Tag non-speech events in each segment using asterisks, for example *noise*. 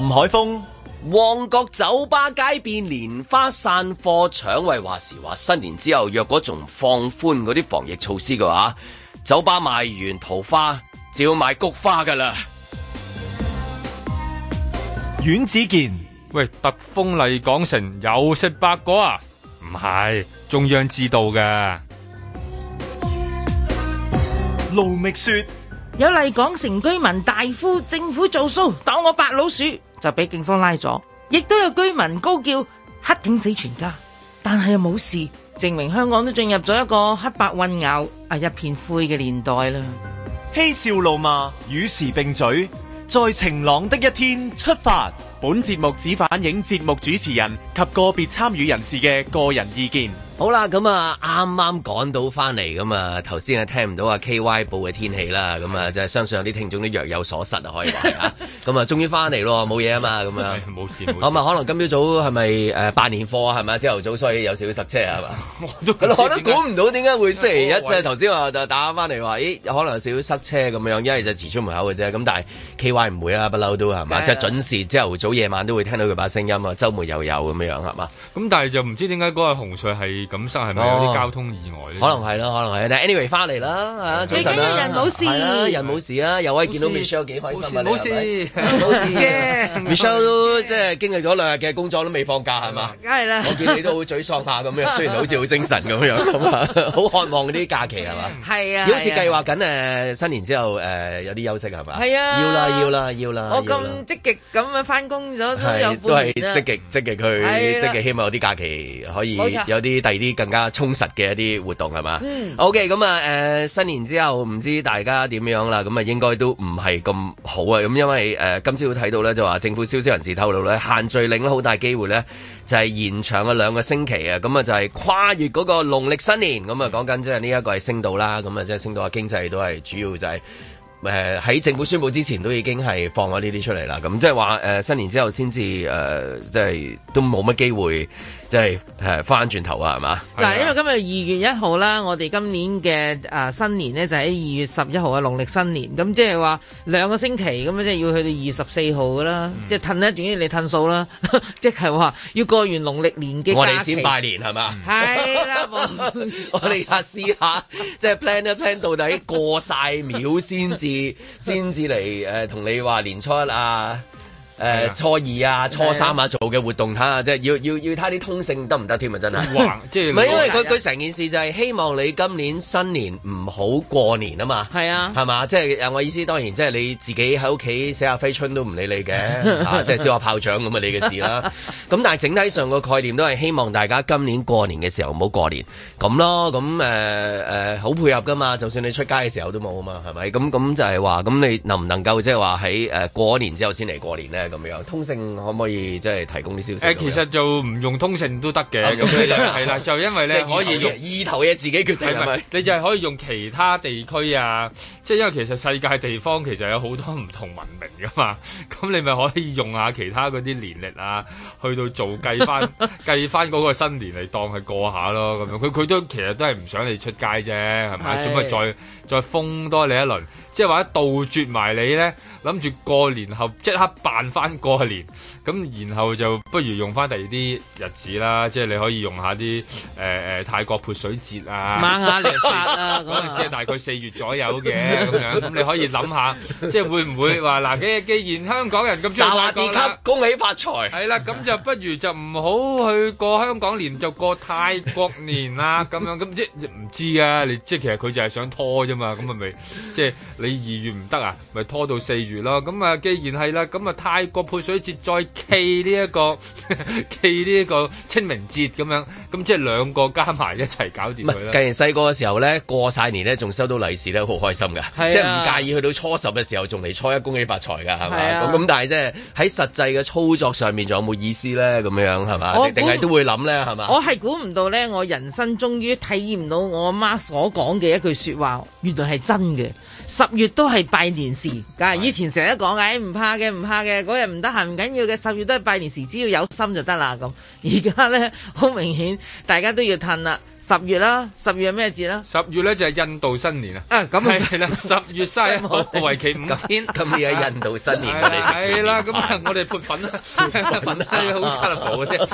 林海峰，旺角酒吧街邊蓮花散貨搶位，話時話新年之後若果仲放寬嗰啲防疫措施嘅話，酒吧賣完桃花就要賣菊花噶啦。阮子健，喂，特封麗港城有食白果啊？唔係，中央知道㗎。盧覓雪，有麗港城居民大呼政府做騷當我白老鼠。就被警方拉咗，亦都有居民高叫黑警死全家，但係又冇事，證明香港都進入咗一個黑白混淆，啊一片灰嘅年代啦。嬉笑怒罵與時並舉，在晴朗的一天出發。本節目只反映節目主持人及個別參與人士嘅個人意見。好啦，咁啊啱啱趕到翻嚟，咁啊頭先啊聽唔到啊 K Y 報嘅天氣啦，咁啊即係、就是、相信有啲聽眾都若有所失啊，可以話啊，咁 *laughs* 啊終於翻嚟咯，冇嘢啊嘛，咁樣冇、啊 okay, 事，啊、嗯、可能今朝早係咪誒辦年貨啊，係咪朝頭早所以有少少塞車啊，係嘛？ *laughs* 我都估唔到點解何會星期一，即係頭先話就打翻嚟話，咦可能有少少塞車咁樣，一係就遲出門口嘅啫。咁但係 K Y 唔會啊，不嬲都係嘛，啊、就準時朝頭早夜晚上都會聽到佢把聲音啊，週末又有咁樣係嘛？咁但係就唔知點解嗰個洪水係。咁生係咪有啲交通意外？可能係咯，可能係。Anyway，翻嚟啦，最緊要人冇事，人冇事啊！又可以見到 Michelle 幾開心咧，冇事冇事嘅，Michelle 都即係經歷咗兩日嘅工作都未放假係嘛？梗係啦！我見你都好沮喪下咁樣，雖然好似好精神咁樣，咁啊，好渴望嗰啲假期係嘛？係啊！好似計劃緊誒新年之後誒有啲休息係嘛？係啊！要啦要啦要啦！我咁積極咁樣翻工咗都有半年啦。都係積極積極去積極，希望有啲假期可以有啲第啲更加充實嘅一啲活動係嘛，OK 咁啊，誒、嗯 okay, 呃、新年之後唔知大家點樣啦，咁啊應該都唔係咁好啊，咁因為誒、呃、今朝睇到咧就話政府消息人士透露咧限聚令好大機會咧就係、是、延長咗兩個星期啊，咁啊就係跨越嗰個農曆新年，咁啊講緊即係呢一個係升到啦，咁啊即係升到嘅經濟都係主要就係誒喺政府宣布之前都已經係放咗呢啲出嚟啦，咁即係話誒新年之後先至誒即係都冇乜機會。即係誒翻轉頭啊，係嘛？嗱，因為今日二月一號啦，我哋今年嘅誒新年咧，就喺二月十一號嘅農曆新年，咁即係話兩個星期，咁即係要去到二十四號噶啦，即係褪咧，仲要你褪數啦，即係話要過完農曆年嘅假期。我哋先拜年係嘛？係啦，我我哋下試下，即係 plan 一 plan，到底過晒秒先至，先至嚟誒同你話年初一啊。誒、呃、初二啊、初三啊做嘅活動睇、啊、下，即係的要要要睇啲通勝得唔得添啊！真係唔係因為佢佢成件事就係希望你今年新年唔好過年啊嘛，係啊的，係嘛？即、就、係、是、我意思當然即係你自己喺屋企寫下揮春都唔理你嘅，即係燒下炮仗咁啊！就是、你嘅事啦。咁 *laughs* 但係整體上個概念都係希望大家今年過年嘅時候唔好過年咁咯。咁好、呃呃、配合噶嘛，就算你出街嘅時候都冇啊嘛，係咪？咁咁就係話咁，你能唔能夠即係話喺誒過年之後先嚟過年呢？咁未通勝可唔可以即係提供啲消息？誒，其實就唔用通勝都得嘅，咁係啦， *laughs* 就因為咧，可以用意頭嘢自己決定，係咪？你就係可以用其他地區啊，即係因為其實世界地方其實有好多唔同文明噶嘛，咁你咪可以用下其他嗰啲年曆啊，去到做計翻 *laughs* 計翻嗰個新年嚟當係過下咯，咁樣佢佢都其實都係唔想你出街啫，係咪？仲咪是再再封多你一輪？即係話杜絕埋你咧，諗住過年後即刻辦翻過年，咁然後就不如用翻第二啲日子啦。即係你可以用下啲誒誒泰國潑水節啊，馬哈嚟殺啊！嗰陣時係大概四月左右嘅咁樣，咁你可以諗下，即係會唔會話嗱既既然香港人咁中意泰國啦，沙拿二級恭喜發財係啦，咁就不如就唔好去過香港年，就過泰國年啦，咁樣，咁即係唔知啊！你即係其實佢就係想拖啫嘛，咁係咪即係你。你二月唔得啊，咪拖到四月咯。咁啊，既然係啦，咁啊，泰國潑水節再暨呢一個暨呢一個清明節咁樣，咁即係兩個加埋一齊搞掂佢啦。既然細個嘅時候咧過晒年咧，仲收到利是咧，好開心噶，啊、即係唔介意去到初十嘅時候仲嚟初一恭喜發財噶，係咪？咁咁、啊，但係即係喺實際嘅操作上面，仲有冇意思咧？咁樣樣係嘛？定係猜都會諗咧，係嘛？我係估唔到咧，我人生終於體驗到我阿媽所講嘅一句說話，原來係真嘅。十月都係拜年時，啊！以前成日講講嘅，唔怕嘅，唔怕嘅，嗰日唔得閒唔緊要嘅，十月都係拜年時，只要有心就得啦。咁而家呢，好明顯，大家都要褪啦。十月啦，十月係咩節啦？十月咧就係印度新年啊！啊，咁係啦，十月卅一號為期五天，今年嘅印度新年嚟，係啦，咁我哋潑粉啦，粉係好 colour 嘅啫。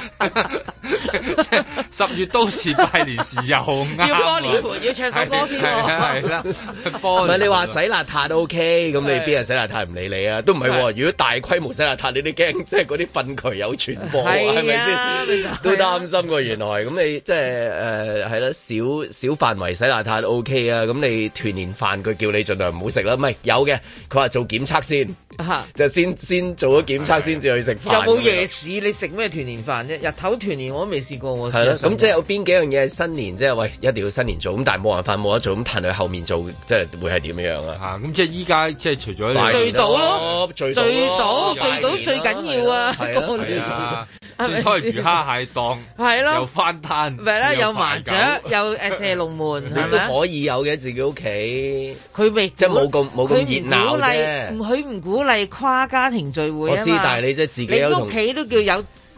即係十月都是拜年時，又啱。要過年要唱首歌先。係啦，唔係你話洗邋遢都 OK，咁你邊日洗邋遢唔理你啊？都唔係，如果大規模洗邋遢，你都驚即係嗰啲糞渠有傳播，係咪先？都擔心過，原來咁你即係誒。係啦，小小範圍洗邋遢 O K 啊，咁你團年飯佢叫你盡量唔好食啦，唔係有嘅，佢話做檢測先，就先先做咗檢測先至去食飯。有冇夜市？你食咩團年飯啫？日頭團年我都未試過我。係啦，咁即係有邊幾樣嘢係新年即係喂，一定要新年做，咁但係冇辦法冇得做，咁睇佢後面做即係會係點樣啊？嚇，咁即係依家即係除咗醉倒咯，醉倒醉倒醉倒最緊要啊！係啊，唔錯，魚蝦蟹檔係咯，有翻攤咪係啦，有有誒、呃、射龍門係 *laughs* 嗎你都可以有嘅自己屋企，佢未即係冇咁冇咁熱鬧。啫。唔佢唔鼓勵跨家庭聚會啊嘛。我知，但係你即係自己屋企都叫有。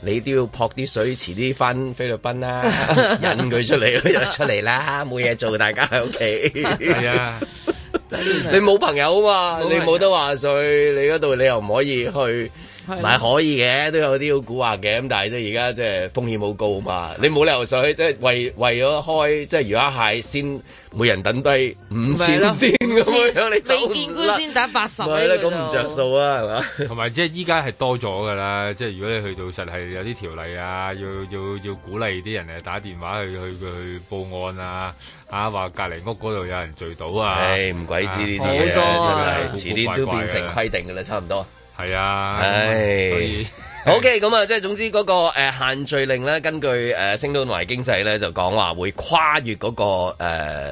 你都要撲啲水，遲啲翻菲律賓啦，引佢出嚟咯，又 *laughs* 出嚟啦，冇嘢做，大家喺屋企。係啊，你冇朋友啊嘛，你冇得話水，你嗰度你又唔可以去。係可以嘅，都有啲好古惑嘅，咁但係都而家即係風險好高啊嘛！的你冇理由上去，即係為為咗開即係如果係先每人等低五千先咁樣，你未見官先打八十？係咯，咁唔着數啊，係嘛？同埋即係依家係多咗㗎啦！即係如果你去到實係有啲條例啊，要要要鼓勵啲人誒打電話去去去報案啊，啊話隔離屋嗰度有人聚到、哎、啊！誒唔鬼知呢啲嘢，真係遲啲都變成規定㗎啦，差唔多。係啊，所以。O.K. 咁啊，即係總之嗰誒限聚令咧，根據誒升同埋經濟咧就講話會跨越嗰誒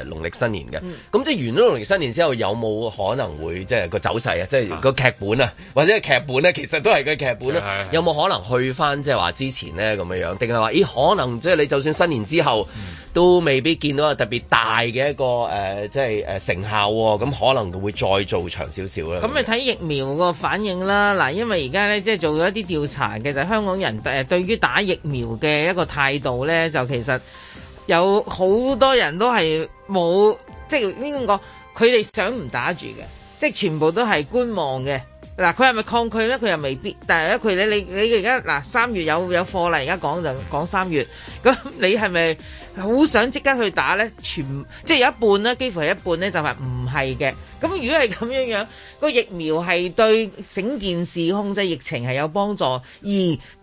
農曆新年嘅。咁、嗯、即係完咗農曆新年之後有冇可能會即係個走勢啊？即係個劇本啊，或者劇劇本咧，其實都係個劇本咧。啊、有冇可能去翻即係話之前咧咁樣樣定係話咦？可能即係你就算新年之後都未必見到特別大嘅一個誒、呃、即係誒成效喎、哦。咁可能會再做長少少啦。咁啊，睇疫苗個反應啦。嗱，因為而家咧即係做咗一啲調查。其實香港人誒對於打疫苗嘅一個態度呢，就其實有好多人都係冇，即係點講？佢哋想唔打住嘅，即係全部都係觀望嘅。嗱，佢係咪抗拒呢？佢又未必。但係咧，佢你你你而家嗱，三月有有貨啦，而家講就講三月，咁你係咪？好想即刻去打呢，全即係有一半呢，幾乎係一半呢，就係唔係嘅。咁如果係咁樣樣，個疫苗係對整件事控制疫情係有幫助，而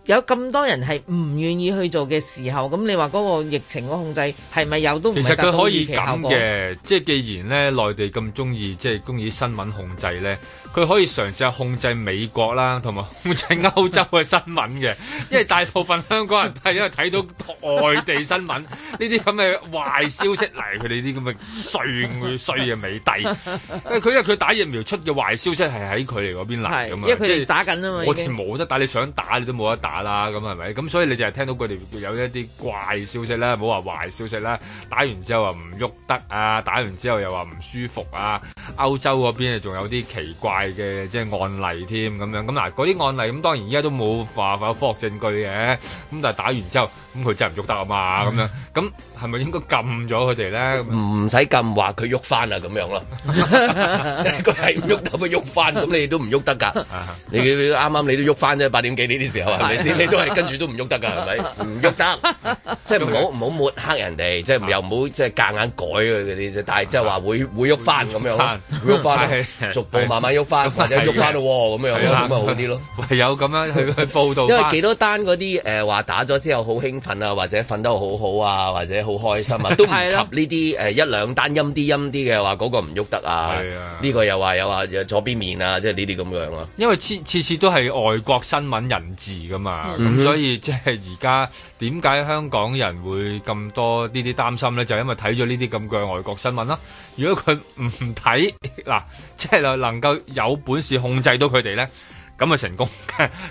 有咁多人係唔願意去做嘅時候，咁你話嗰個疫情嘅控制係咪有都唔加？其實佢可以咁嘅，即係既然呢，內地咁中意即係公以新聞控制呢，佢可以嘗試下控制美國啦，同埋控制歐洲嘅新聞嘅， *laughs* 因為大部分香港人係因為睇到外地新聞。 *laughs* 呢啲咁嘅壞消息嚟，佢哋啲咁嘅衰衰嘅美帝，佢因為佢打疫苗出嘅壞消息係喺佢哋嗰邊嚟噶嘛，因為佢哋打緊啊嘛，我哋冇得打，你想打你都冇得打啦，咁係咪？咁所以你就係聽到佢哋有一啲怪消息啦，冇話壞消息啦。打完之後話唔喐得啊，打完之後又話唔舒服啊。歐洲嗰邊仲有啲奇怪嘅即係案例添咁樣，咁嗱嗰啲案例咁當然而家都冇化化科學證據嘅，咁但係打完之後咁佢真係唔喐得啊嘛，咁樣咁。 *laughs* 係咪應該撳咗佢哋咧？唔使撳，話佢喐翻啊，咁樣咯。即係佢係喐得咪喐翻？咁你都唔喐得噶。你啱啱你都喐翻啫，八點幾呢啲時候係咪先？你都係跟住都唔喐得噶，係咪唔喐得？即係唔好唔好抹黑人哋，即係又唔好即係夾硬改佢嗰啲。但係即係話會會喐翻咁樣，喐翻，逐步慢慢喐翻，或者喐翻咯咁樣咯，咁啊好啲咯。唯有咁樣去去報道。因為幾多單嗰啲誒話打咗之後好興奮啊，或者瞓得好好啊，或者好開心啊，都唔及呢啲誒一兩單陰啲陰啲嘅話，嗰個唔喐得啊，係啊，呢個又話又話左邊面啊，即係呢啲咁樣咯。因為次次次都係外國新聞人質噶嘛，咁所以即係而家點解香港人會咁多呢啲擔心咧？就因為睇咗呢啲咁嘅外國新聞啦。如果佢唔睇嗱，即係能夠有本事控制到佢哋咧。咁啊成功，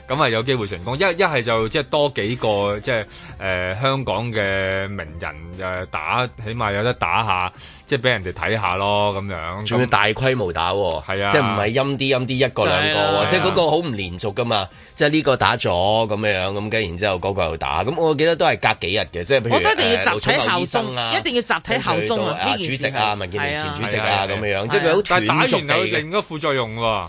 咁啊有機會成功。一一係就即係多幾個，即係誒香港嘅名人誒打，起碼有得打下，即係俾人哋睇下咯咁樣。仲要大規模打，喎，啊，即係唔係陰啲陰啲一個兩個，即係嗰個好唔連續噶嘛。即係呢個打咗咁樣樣咁，跟然之後嗰個又打。咁我記得都係隔幾日嘅，即係一定要集體效忠，啊，一定要集體效忠，啊。主席啊，民建聯前主席啊咁樣即係佢好斷續地。但係打完有冇任何副作用喎？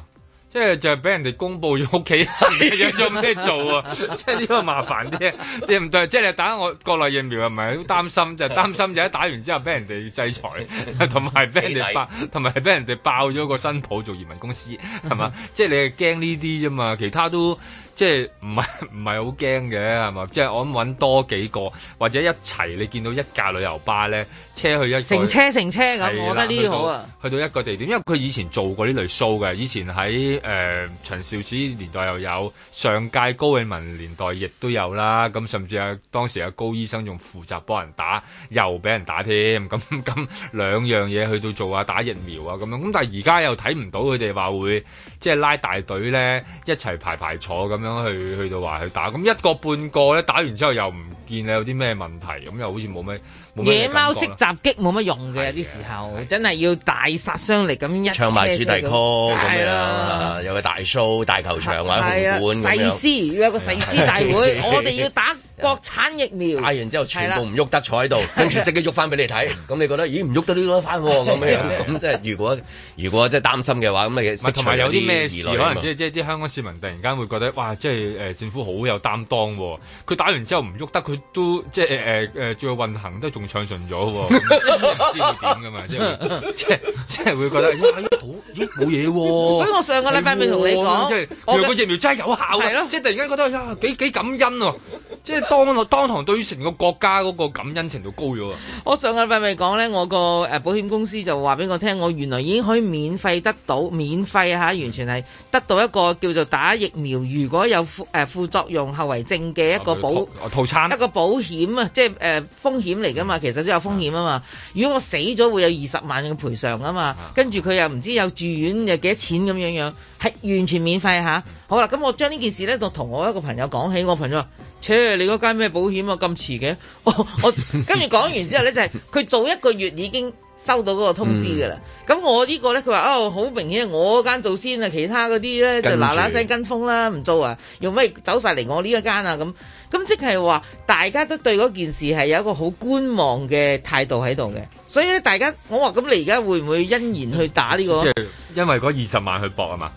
即係就係俾人哋公佈咗屋企人嘅嘢， *laughs* *laughs* 做咩做啊？ *laughs* 即係呢個麻煩啲，對唔 *laughs* 對。即係你打我國內疫苗又唔係好擔心， *laughs* 就擔心一打完之後俾人哋制裁，同埋俾人哋爆，同埋俾人哋爆咗個新抱做移民公司，係嘛？ *laughs* 即係你係驚呢啲啫嘛，其他都即係唔係唔係好驚嘅，係嘛？即係我諗揾多幾個或者一齊，你見到一架旅遊巴咧。車去一個，成車成車咁，的我覺得呢好啊去，去到一個地點，因為佢以前做過呢類 show 嘅，以前喺誒陳肇始年代又有，上屆高永文年代亦都有啦。咁甚至啊當時阿高醫生仲負責幫人打，又俾人打添。咁咁兩樣嘢去到做啊，打疫苗啊咁樣。咁但係而家又睇唔到佢哋話會即係拉大隊咧，一齊排排坐咁樣去去到話去打。咁一個半個咧打完之後又唔見有啲咩問題，咁又好似冇咩。野貓式襲擊冇乜用嘅，有啲時候真係要大殺傷力咁一唱埋主題曲咁樣啦，有個大 show、大球場或者紅館咁樣。誓師要有個誓師大會，我哋要打。國產疫苗打完之後全部唔喐得坐喺度，跟住即刻喐翻俾你睇，咁你覺得咦唔喐得呢喐得翻喎咁樣，咁即係如果如果即係擔心嘅話，咁咪同埋有啲咩事可能即係即係啲香港市民突然間會覺得哇，即係誒政府好有擔當喎，佢打完之後唔喐得，佢都即係誒誒最後運行都仲暢順咗喎，唔知會點㗎嘛？即係即係即係會覺得咦好冇嘢喎，所以我上個禮拜咪同你講，我個疫苗真係有效嘅，即係突然間覺得呀幾幾感恩喎，即係。當堂對於成個國家嗰個感恩程度高咗啊！我上個禮拜咪講呢，我個誒保險公司就話俾我聽，我原來已經可以免費得到免費嚇、啊，完全係得到一個叫做打疫苗，如果有副誒、呃、副作用後遺症嘅一個保套餐，一個保險啊，即係誒、呃、風險嚟噶嘛，其實都有風險啊嘛。嗯、如果我死咗會有二十萬嘅賠償啊嘛，嗯、跟住佢又唔知有住院又幾多錢咁樣樣。係完全免費下、啊、好啦，咁我將呢件事咧就同我一個朋友講起，我朋友話：切，你嗰間咩保險啊？咁遲嘅，我我跟住講完之後咧，就係佢做一個月已經收到嗰個通知㗎啦。咁、嗯、我個呢個咧，佢話：哦，好明顯我間做先啊，其他嗰啲咧就嗱嗱聲跟風啦，唔做啊，用咩走晒嚟我呢一間啊咁。咁即係話，大家都對嗰件事係有一個好觀望嘅態度喺度嘅，所以咧，大家我話咁，你而家會唔會欣然去打呢個？因為因為嗰二十萬去搏啊嘛，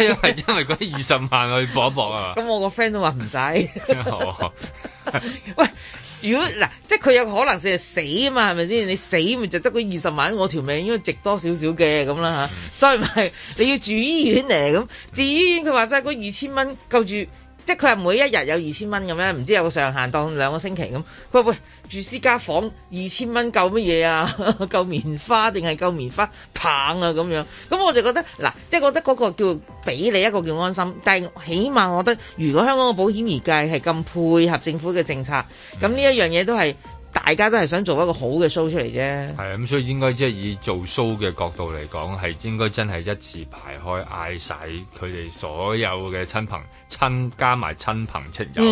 因為因為嗰二十萬去搏一搏啊嘛。咁我個 friend 都話唔使。喂，如果嗱，即係佢有可能性死啊嘛，係咪先？你死咪就得嗰二十萬，我條命應該值多少少嘅咁啦吓。再唔係你要住醫院嚟咁住醫院，至於佢話真係嗰二千蚊夠住，即係佢係每一日有二千蚊咁樣，唔知有個上限當兩個星期咁。佢話喂，住私家房二千蚊夠乜嘢啊？夠棉花定係夠棉花棒啊？咁樣，咁我就覺得嗱，即係、就是、覺得嗰個叫俾你一個叫安心，但係起碼我覺得如果香港嘅保險業界係咁配合政府嘅政策，咁呢、嗯、一樣嘢都係大家都係想做一個好嘅 show 出嚟啫。係啊，咁所以應該即係以做 show 嘅角度嚟講，係應該真係一次排開嗌晒佢哋所有嘅親朋。親加埋親朋戚友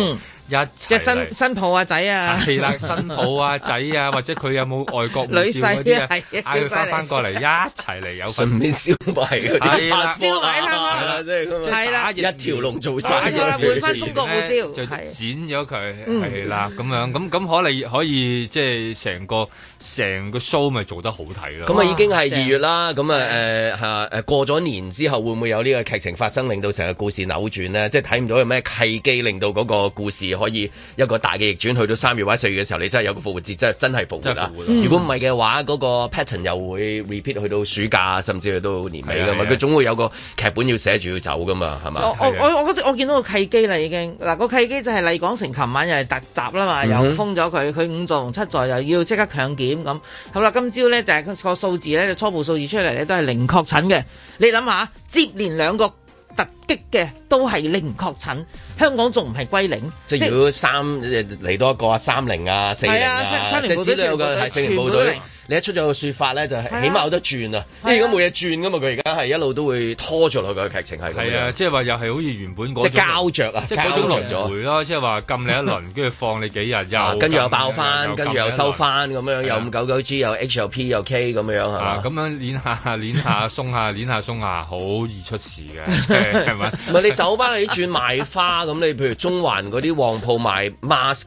一齊嚟，即係新新抱啊仔啊，係啦，新抱啊仔啊，或者佢有冇外國女婿嗰啲啊，嗌佢翻翻過嚟一齊嚟，有順便燒埋嗰啲，燒埋啦，係啦，即係，一條龍做晒啦，換返中國護照，就剪咗佢，係啦，咁樣，咁咁可能可以即係成個成個 show 咪做得好睇咯。咁啊，已經係二月啦，咁啊，誒誒過咗年之後會唔會有呢個劇情發生，令到成個故事扭轉呢？即係。睇唔到有咩契機，令到嗰個故事可以一個大嘅逆轉，去到三月或者四月嘅時候，你真係有個復活節，真係真係復活啦！活嗯、如果唔係嘅話，嗰、嗰個 pattern 又會 repeat 去到暑假，甚至去到年尾噶嘛，佢、啊啊、總會有個劇本要寫住要走噶嘛，係嘛、啊啊？我我我我見到個契機啦，已經嗱、個契機就係麗港城，琴晚又係突襲啦嘛，嗯、哼又封咗佢，佢五座同七座又要即刻強檢咁，好啦，今朝呢就係、是、個數字呢初步數字出嚟呢，都係零確診嘅，你諗下，接連兩個。突擊嘅都係零確診。香港仲唔係歸零？即係如果三嚟多一個三零啊，四零啊，即係只要有個四零部隊，你一出咗個說法咧，就係起碼有得轉啊！因為而家冇嘢轉噶嘛，佢而家係一路都會拖著落去個劇情係。係啊，即係話又係好似原本嗰即係膠着啊，膠著咗。回咯，即係話禁你一輪，跟住放你幾日，又跟住又爆翻，跟住又收翻，咁樣又五九九 g 又 H 又 P 又 K 咁樣咁樣捻下捻下鬆下捻下鬆下，好易出事嘅係咪？唔係你走翻你轉賣花。咁你譬如中環嗰啲旺鋪賣 mask，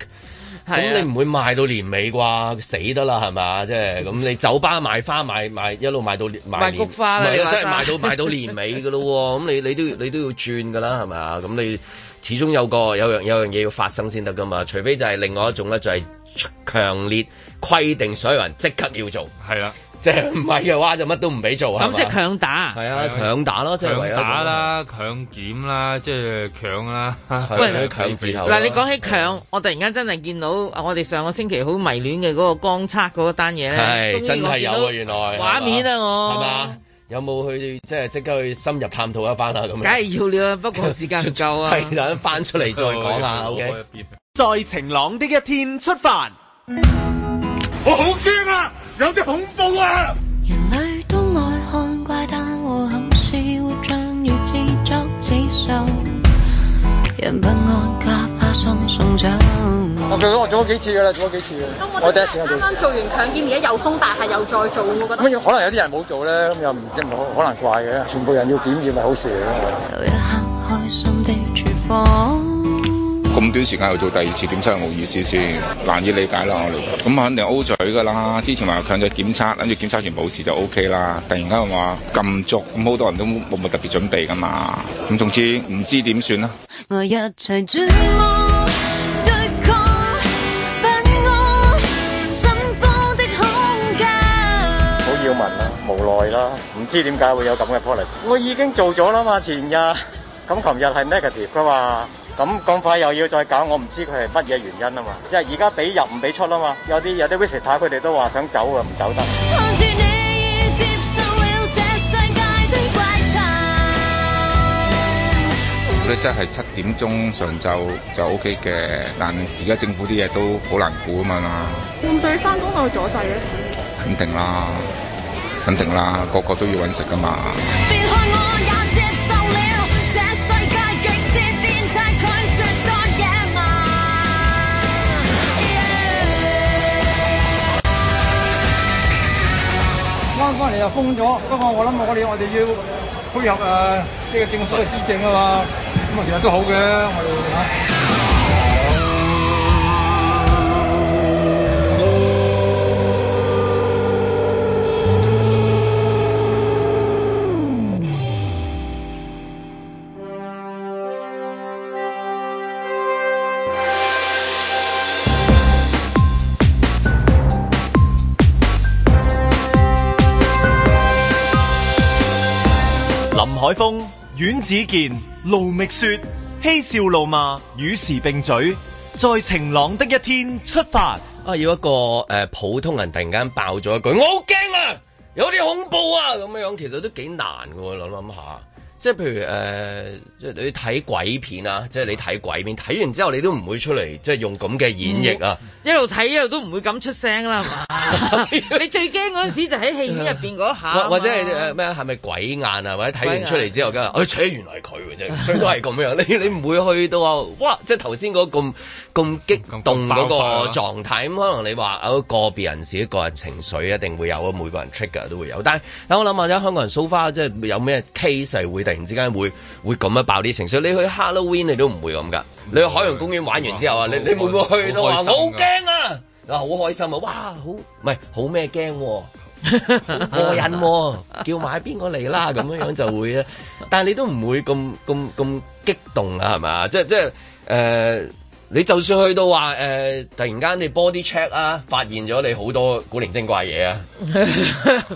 咁你唔會賣到年尾啩？死得啦，係嘛？即係咁你酒吧賣花賣賣一路賣到賣菊花，即係賣到賣到年尾嘅咯。咁 *laughs* 你你都你都要轉㗎啦，係咪？咁你始終有個有樣有樣嘢要發生先得噶嘛？除非就係另外一種咧，就係、是、強烈規定所有人即刻要做。係啦、啊。即係唔係嘅話就乜都唔俾做啊！咁即係強打。係啊，強打咯，即係強打啦，強檢啦，即係強啦。不如強字頭。嗱，你講起強，我突然間真係見到我哋上個星期好迷戀嘅嗰個光測嗰單嘢咧，真係有啊！原來畫面啊，我係嘛？有冇去即係即刻去深入探討一番啊？咁梗係要啦，不過時間唔夠啊，係等翻出嚟再講下。OK。在晴朗的一天出發。有啲恐怖啊！人類都看怪和像自作自受，人不家花送，送走我。我最多我做咗幾次噶啦，做咗幾次啊！我第一時間。啱啱做完強檢，而家又封大廈又再做。咁可能有啲人冇做咧，咁又唔知，可能怪嘅。全部人要檢驗咪好事嚟。有一刻開心的廚房咁短時間又做第二次檢測，冇意思先，難以理解啦我哋。咁肯定 O 嘴噶啦，之前話強制檢測，跟住檢測完冇事就 OK 啦。突然間話禁足，咁好多人都冇乜特別準備噶嘛。咁總之唔知點算啦。我一齊轉望獨個奔我心慌的空間。好要問啦，無奈啦，唔知點解會有咁嘅 policy。我已經做咗啦嘛，前日咁琴日係 negative 噶嘛。咁咁快又要再搞，我唔知佢係乜嘢原因啊嘛！即係而家俾入唔俾出啦嘛，有啲有啲 visitor 佢哋都話想走嘅，唔走得的。佢啲真係七點鐘上晝就 OK 嘅，但而家政府啲嘢都好難估啊嘛。換曬返工又阻曬啊！肯定啦，肯定啦，個個都要搵食噶嘛。嗰陣時又封咗，不過我諗我哋我哋要配合誒呢、啊這個政府嘅施政啊嘛，咁啊其實都好嘅，我哋嚇。海峰、阮子健、盧覓雪、嬉笑怒罵、與時並嘴，在晴朗的一天出發。啊，要一個誒、呃、普通人突然間爆咗一句，我好驚啊，有啲恐怖啊，咁樣樣其實都幾難嘅，諗諗下。即係譬如誒，即係你睇鬼片啊！即係你睇鬼片，睇完之後你都唔會出嚟，即係用咁嘅演繹不啊！一路睇一路都唔會咁出聲啦，係嘛？你最驚嗰陣時就喺戲院入邊嗰下，或者係咩？係、呃、咪鬼眼啊？或者睇完出嚟之後，咁眼啊？哦，原來佢嘅啫，所以都係咁樣，你你唔會去到哇！即係頭先嗰咁咁激動嗰個狀態，咁、嗯啊、可能你話有個別人士個人情緒一定會有啊，每個人 trigger 都會有。但係嗱，但我諗下咧，香港人 so far 即係有咩 case 會。突然之間會會咁樣爆啲情緒，你去 Halloween 你都唔會咁㗎，你去海洋公園玩完之後啊，你啊你，啊、你會唔會去到話好驚啊？啊好開心啊！哇好唔係好咩驚喎，過癮喎， *laughs* 叫埋邊個嚟啦咁樣樣就會啊，但係你都唔會咁咁咁激動啊係咪？即係即係誒。就是你就算去到話誒、呃，突然間你 body check 啊，發現咗你好多古靈精怪嘢啊，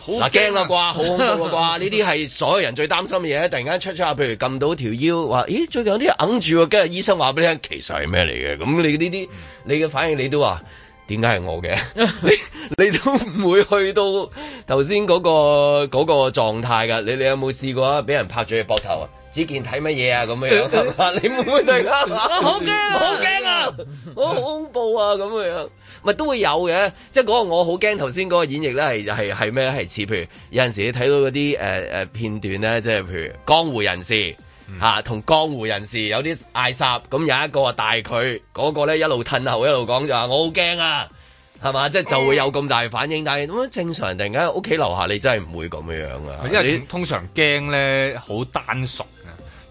嗱，驚啦啩，好 *laughs* 恐怖啦啩，呢啲係所有人最擔心嘅嘢。突然間 check check 下，譬如撳到條腰，話咦最近有啲揞住，跟住醫生話俾你聽，其實係咩嚟嘅？咁你呢啲你嘅反應你 *laughs* 你，你都話點解係我嘅？你你都唔會去到頭先嗰個嗰、嗰個狀態㗎。你你有冇試過俾人拍咗去膊頭啊？只見睇乜嘢啊咁樣， *laughs* 你會唔會突然間 *laughs* 好驚，好驚啊！好恐怖啊咁樣，咪都會有嘅。即係嗰個我好驚。頭先嗰個演繹咧係係係咩？係似譬如有陣時你睇到嗰啲誒誒片段咧，即係譬如江湖人士嚇同、嗯、江湖人士有啲嗌霎，咁有一個話大佢，嗰、嗰個咧一路褪後一路講就話我好驚啊，係嘛？即係就會有咁大反應，哦、但係咁正常突然間屋企樓下你真係唔會咁樣啊，因為，你因為通常驚咧好單純。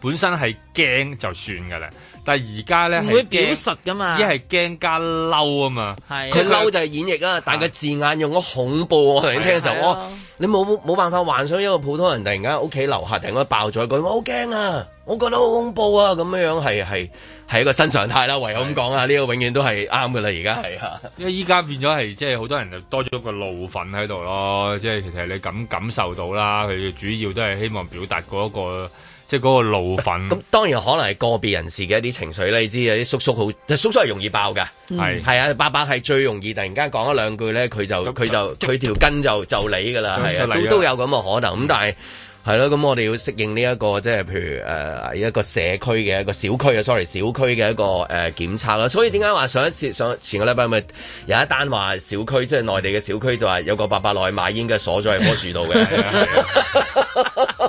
本身係驚就算噶啦，但係而家咧唔會表述噶嘛，一係驚加嬲啊嘛，佢嬲、啊、就係演繹係啊，但係個字眼用得恐怖啊！我同你聽嘅時候，我、啊哦、你冇冇辦法幻想一個普通人突然間屋企樓下突然間爆咗一句，我好驚啊！我覺得好恐怖啊！咁樣樣係係係一個新常態啦，唯有咁講啊！呢個永遠都係啱噶啦，而家係啊，因為依家變咗係即係好多人多了一就多咗個怒憤喺度咯，即係其實你感感受到啦，佢主要都係希望表達嗰個。即係嗰個怒憤。咁、啊、當然可能係個別人士嘅一啲情緒啦。你知啊，啲叔叔好，叔叔係容易爆㗎。係係、嗯、啊，爸爸係最容易突然間講一兩句咧，佢就佢嘚就佢嘚條筋就就你㗎啦。係嘚啊，都都有咁嘅可能。咁、嗯、的但係係咯，咁我哋要適應呢、這、一個即係譬如誒、呃、一個社區嘅一個小區啊，sorry 小區嘅一個誒、呃、檢測啦。所以點解話上一次上前個禮拜咪有一單話小區，即係內地嘅小區，就話、是、有個爸爸落去買煙嘅鎖咗喺棵樹度嘅。 *laughs* *laughs*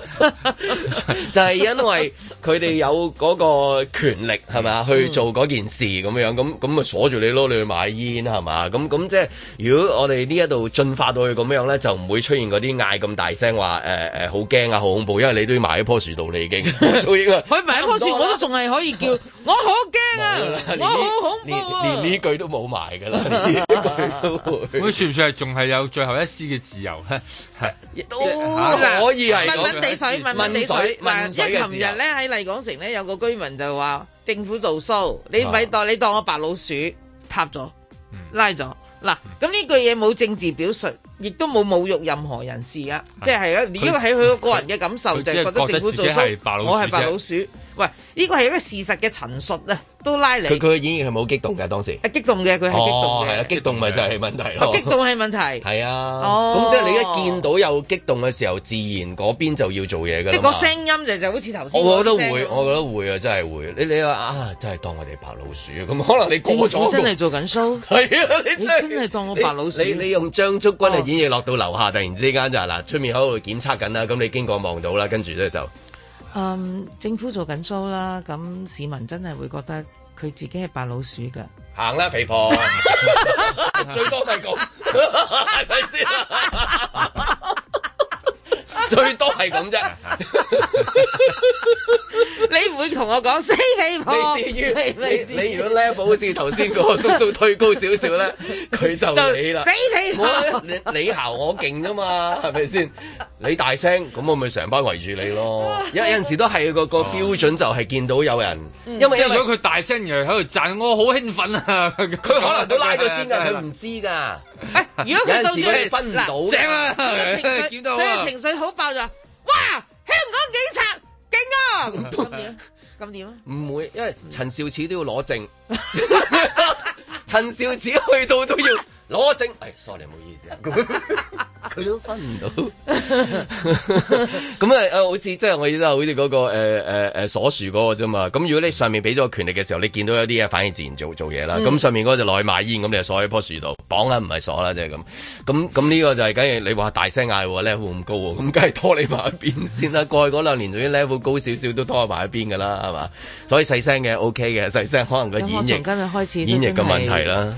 *laughs* 就係因為佢哋有嗰個權力係咪去做嗰件事咁樣咁咁咪鎖住你咯，你去買煙係嘛，咁，咁即係如果我哋呢一度進化到去咁樣咧，就唔會出現嗰啲嗌咁大聲話誒誒，好驚啊，好恐怖，因為你都要埋喺樖樹度你已經，佢埋喺樖樹、啊、我都仲係可以叫 *laughs* 我好驚啊，了我好恐怖啊，連呢句都冇埋噶啦，呢 *laughs* 句咁算唔算係仲係有最後一絲嘅自由咧？係都 *laughs* 也、啊、可以係問你水嗱，即係琴日咧喺麗港城咧有個居民就話政府做騷，你咪當你當我白老鼠，塌咗，拉咗嗱。咁呢句嘢冇政治表述，亦都冇侮辱任何人士啊！即係係咯，如果喺佢個個人嘅感受就係覺得政府做騷，我係白老鼠。喂，呢、這個係一個事實嘅陳述咧，都拉嚟。佢佢嘅演員係冇激動嘅當時。激動嘅佢係激動嘅。係啊、哦，激動咪就係問題咯、 *laughs* 哦。激動係問題。係啊的。咁、哦、即係你一見到有激動嘅時候，自然嗰邊就要做嘢㗎啦。即係個聲音就就好似頭先。我覺得會，我覺得會,會啊，真係會。你你話啊，真係當我哋白老鼠咁可能你估咗。政府真係做緊 show。係啊，你真係的當我白老鼠。你,你,你用張竹君嚟演嘢、哦、落到樓下，突然之間就嗱、是，出面喺度檢測緊啦，咁你經過望到啦，跟住咧就。嗯，um, 政府做緊 show 啦，咁市民真係會覺得佢自己係白老鼠㗎。行啦，肥婆，最多就係咁，係咪先？最多係咁啫，你唔會同我講死屁股。你如果咧好似頭先個叔叔推高少少咧，佢就死啦。死屁股，你你姣我勁啫嘛，係咪先？你大聲，咁我咪成班圍住你咯。有有陣時都係個個標準，就係見到有人，因為如果佢大聲而喺度讚，我好興奮啊！佢可能都拉佢先㗎，佢唔知㗎。哎、如果佢到咗嚟，時分唔到正啊，嘅情緒，佢嘅、啊、情緒好爆咗。哇！香港警察勁啊！咁點咁點啊？唔會，因為陳肇始都要攞證。 *laughs* *laughs* 陳肇始去到都要攞證。誒，sorry，唔好意思。 *laughs* *laughs* 佢、啊、都分唔到，咁啊好似即係我意思，好似嗰、嗰個誒誒誒鎖樹嗰個啫嘛。咁如果你上面俾咗權力嘅時候，你見到有啲嘢，反而自然做做嘢啦。咁、嗯、上面嗰隻內賣煙咁，就鎖喺樖樹度綁啦，唔係鎖啦，即係咁。咁咁呢個就係梗係你話大聲嗌，level 咁高，咁梗係拖你埋一邊先啦。過去嗰兩年仲要 level 高少少，都拖埋一邊噶啦，係嘛、哦。所以細聲嘅 OK 嘅，細聲可能個演繹今日開始演繹嘅問題啦，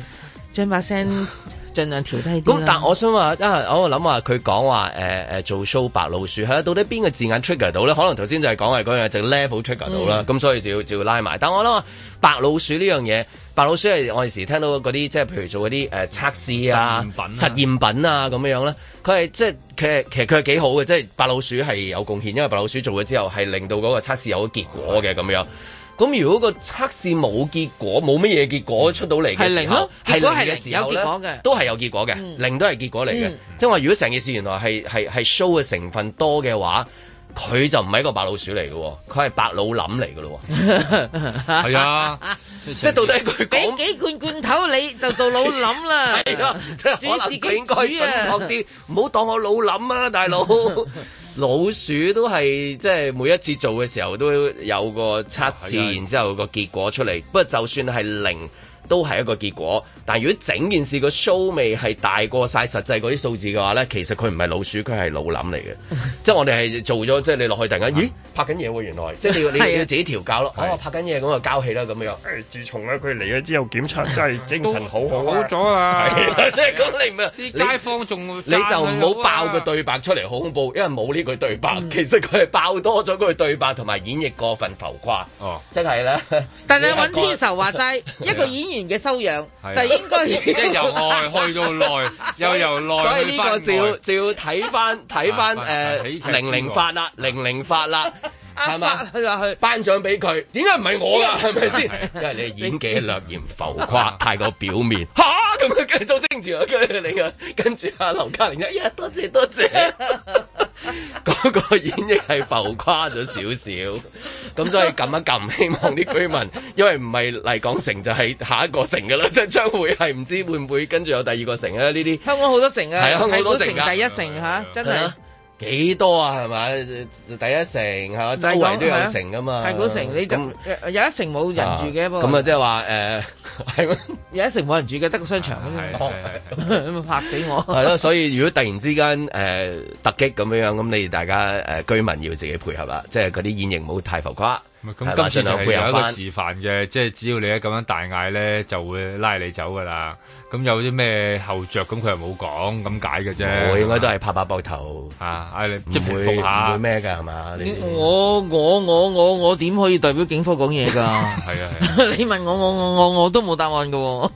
將把聲。 *laughs* 盡量調低啲。咁但係我想話，因、啊、為我諗話佢講話誒誒做 show 白老鼠係啦，到底邊個字眼 trigger 到咧？可能頭先就係講係嗰樣，就 level trigger 到啦。咁、嗯、所以就要就要拉埋。但係我諗話白老鼠呢樣嘢，白老鼠係我時聽到嗰啲即係譬如做嗰啲誒測試啊、實驗品啊咁、啊、樣咧，佢係即係其實其實佢係幾好嘅，即係白老鼠係有貢獻，因為白老鼠做咗之後係令到嗰個測試有個結果嘅咁樣。咁如果個測試冇結果，冇乜嘢結果出到嚟嘅時候，如、嗯、果係零，零有結果嘅都係有結果嘅，嗯、零都係結果嚟嘅。即係話，如果成件事原來係係係 show 嘅成分多嘅話，佢就唔係一個白老鼠嚟嘅，佢係白老諗嚟嘅咯。係 *laughs* *laughs* 啊，即係到底佢講俾幾罐罐頭你就做老諗啦？係咯、 *laughs* *laughs* 啊，即係可能佢應該準確啲，唔好、啊、當我老諗啊，大佬。 *laughs* 老鼠都係即係每一次做嘅時候都有個測試，然之後個結果出嚟。不過就算係零，都係一個結果，但如果整件事個 show 味係大過晒實際嗰啲數字嘅話咧，其實佢唔係老鼠，佢係老諗嚟嘅。即係我哋係做咗，即係你落去突然間，咦拍緊嘢喎，原來即係你要自己調教咯。哦，拍緊嘢咁就交戲啦，咁樣。誒，自從佢嚟咗之後，檢查真係精神好好啊。好咗啦，即係咁你唔係啲街坊仲你就唔好爆個對白出嚟好恐怖，因為冇呢句對白，其實佢係爆多咗句對白同埋演繹過分浮誇。哦，即係啦。但係揾天仇話齋，一個演員嘅修養就是、應該、啊、即係由外去到內，又由內。所以呢個就，就要睇翻睇翻誒，零零發啦，零零發啦，係嘛？去去頒獎俾佢，點解唔係我噶？係咪先？因為你演技略嫌浮誇， *laughs* 太過表面。吓咁啊，跟住做政啊，跟住你啊，跟住阿劉嘉玲，多謝多謝。多謝欸嗰 *laughs* 個演繹係浮誇咗少少，咁所以撳一撳，希望啲居民。因為唔係麗港城就係下一個城噶啦，即係將會係唔知會唔會跟住有第二個城咧？呢啲香港好多城啊，係啊，香港好多城第一城吓、啊啊啊，真係。幾多啊？係咪？第一城，係嘛？周圍都有城噶嘛？太古城你就、嗯、有，有一城冇人住嘅噃。咁啊，即係話誒、係嘛？有一城冇人住嘅，得個商場咁樣，咪拍死我。係咯，所以如果突然之間誒、呃、突擊咁樣，咁你大家、呃、居民要自己配合啦，即係嗰啲演繹冇太浮誇。咁今次配合一個示範嘅，即係只要你喺咁樣大嗌咧，就會拉你走㗎啦。咁有啲咩後着，咁佢又冇講，咁解嘅啫。我應該都係拍拍膊頭即係會唔會咩㗎係嘛？我我我我我點可以代表警方講嘢㗎？係 *laughs* 啊係。啊 *laughs* 你問我我我我我都冇答案㗎喎、哦。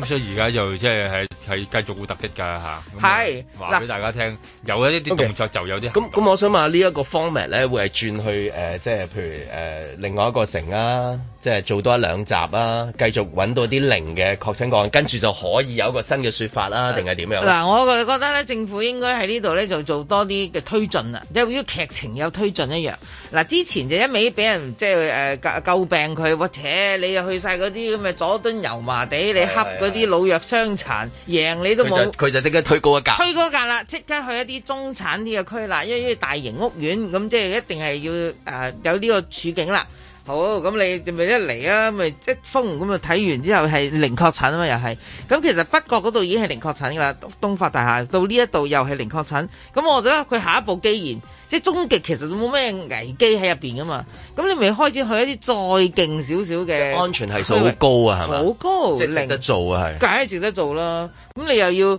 咁 *laughs* 所以而家就即係係繼續會突擊㗎吓，係話俾大家聽，啦有一啲動作就有啲。咁咁、okay，我想問下、這個、呢一個 format 咧，會係轉去即係、呃、譬如、呃、另外一個城啊，即係做多一兩集啊，繼續揾到啲零嘅確診個案，跟住就。可以有個新嘅說法啦，定係點樣？嗱、啊，我覺得咧，政府應該喺呢度咧就做多啲嘅推進啦，即係劇情有推進一樣。嗱、啊，之前就一味俾人即係誒、呃、救病佢，或者你又去晒嗰啲咁嘅佐敦油麻地，對對對你恰嗰啲老弱傷殘，贏你都冇。佢就即刻推高一格，推高一格啦，即刻去一啲中產啲嘅區啦，因為呢啲大型屋苑咁，即係一定係要誒、呃、有呢個處境啦。好，咁你咪一嚟啊，咪即封咁啊，睇完之後係零確診啊嘛，又係咁其實北角嗰度已經係零確診噶啦，東發大廈到呢一度又係零確診，咁我覺得佢下一步既然即係終極，其實都冇咩危機喺入面噶嘛，咁你咪開始去一啲再勁少少嘅，安全係數好高啊，係嘛？好高，即係值得做啊，係梗係值得做啦，咁你又要。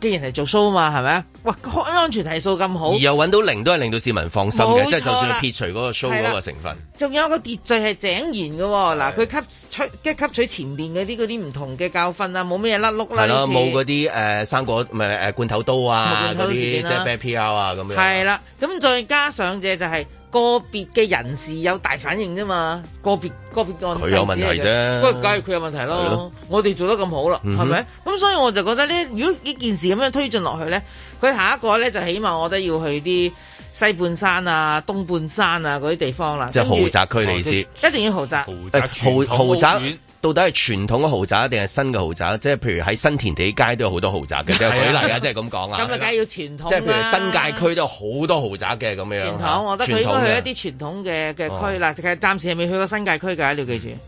既然係做 show 嘛，係咪啊？哇，安全係數咁好，而又揾到零都係令到市民放心嘅，即係、啊、就算撇除嗰個 show 嗰的個成分。仲有一個秩序係井然嘅、哦，嗱的，佢吸取即係吸取前面嗰啲嗰啲唔同嘅教訓啊，冇咩嘢甩碌啦。係咯的，冇嗰啲誒生果咪誒、呃、罐頭刀啊，嗰啲、啊、即係 bad PR 啊咁的樣。係啦，咁再加上嘅就係、是。個別嘅人士有大反應啫嘛，個別個別嘅問題啫，不過梗係佢有問題咯，的我哋做得咁好啦，係咪、嗯哼？咁所以我就覺得呢，如果呢件事咁樣推進落去咧，佢下一個咧就起碼我覺得要去啲西半山啊、東半山啊嗰啲地方啦，即豪宅區嚟著宅知一定要豪宅，誒豪宅豪宅。豪宅到底係傳統嘅豪宅定係新嘅豪宅？即係譬如喺新田地街都有好多豪宅嘅，係啊、即係舉例啊，即係咁講啊。咁啊，梗係要傳統、啊、即係譬如新界區都有好多豪宅嘅咁樣。傳統，我覺得佢應該係一啲傳統嘅嘅區。嗱，其實暫時係未去過新界區㗎，你要記住。嗯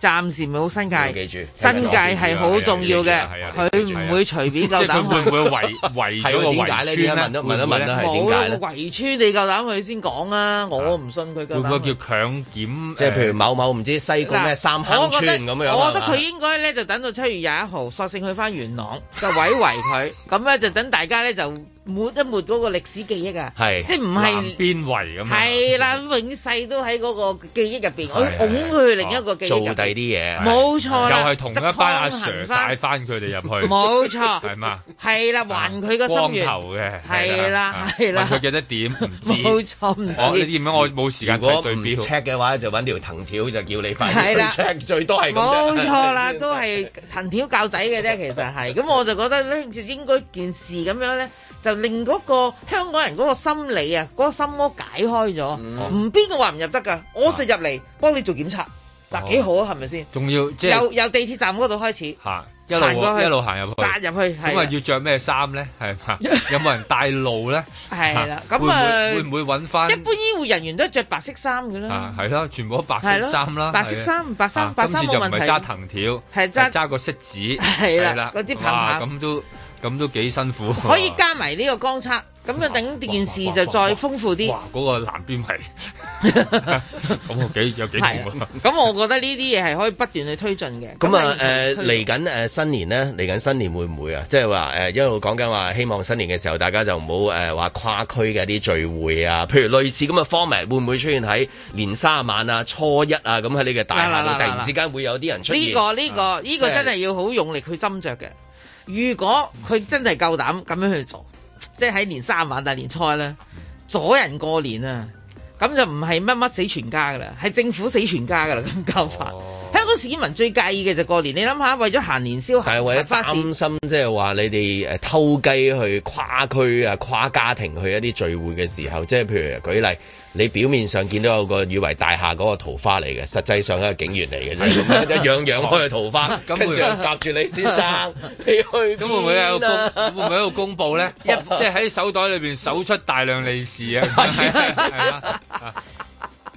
暫時冇新界，記住新界係好重要嘅，佢唔、啊啊、會隨便夠膽去。會唔會圍 *laughs* 圍咗個圍村咧？問一問啦，點解咧？圍村你夠膽去先講啊？我唔信佢夠膽。會唔會叫強檢，呃、即係譬如某某唔知西區咩三坑村咁樣，我覺得佢應該咧就等到七月廿一號，索性去翻元朗就圍圍佢，咁咧 *laughs* 就等大家咧就。抹一抹嗰個歷史記憶啊，即係唔係變為咁啊？係啦，永世都喺嗰個記憶入邊，佢拱佢另一個記憶入邊。做啲啲嘢，冇錯啦。又係同一班阿 Sir 帶翻佢哋入去，冇錯。係嘛？係啦，還佢個心願嘅。係啦，係啦。佢記得點？冇錯，唔。哦，你點樣？我冇時間，如果唔 check 嘅話，就揾條藤條就叫你快啲 check。最多係咁。冇錯啦，都係藤條教仔嘅啫。其實係咁，我就覺得咧，應該件事咁樣咧。就令嗰個香港人嗰個心理啊，嗰個心魔解開咗，唔，邊個話唔入得噶，我就入嚟幫你做檢查，嗱，幾好啊，係咪先？仲要即係由由地鐵站嗰度開始，行一路一路行入去，殺入去。咁啊要著咩衫咧？係嘛？有冇人帶路咧？係啦，咁啊會唔會揾翻？一般醫護人員都著白色衫噶啦，係啦，全部都白色衫啦，白色衫、白衫、白衫冇問題。揸藤條，係揸揸個色子，係啦，嗰支藤藤咁都。咁都幾辛苦，可以加埋呢個光測，咁就等電視就再豐富啲。哇！嗰、那個南邊係咁，我幾 *laughs* *laughs* 有幾掂啊！咁我覺得呢啲嘢係可以不斷去推進嘅。咁那啊誒嚟緊新年呢，嚟緊新年會唔會、就是、啊？即係話因一路講緊話，希望新年嘅時候大家就唔好誒話跨區嘅一啲聚會啊，譬如類似咁嘅 format 會唔會出現喺年卅晚啊、初一啊咁喺呢個大樓度突然之間會有啲人出現？呢、這個呢、這個呢、這個真係要好用力去斟酌嘅。如果佢真係夠膽咁樣去做，即係喺年三晚大年初咧，阻人過年啊，咁就唔係乜乜死全家噶啦，係政府死全家噶啦咁搞法。香港、哦、市民最介意嘅就過年，你諗下，為咗行年宵，但係為咗擔心，即係話你哋誒偷雞去跨區啊，跨家庭去一啲聚會嘅時候，即係譬如舉例。你表面上見到有個以為大廈嗰個桃花嚟嘅，實際上係警員嚟嘅啫， *laughs* 係係一樣養,養開個桃花，咁跟住夾住你 *laughs* 先生，你去、啊，咁會唔會喺度公？會唔會喺度公佈咧？ *laughs* 即係喺手袋裏邊搜出大量利是啊！係啊，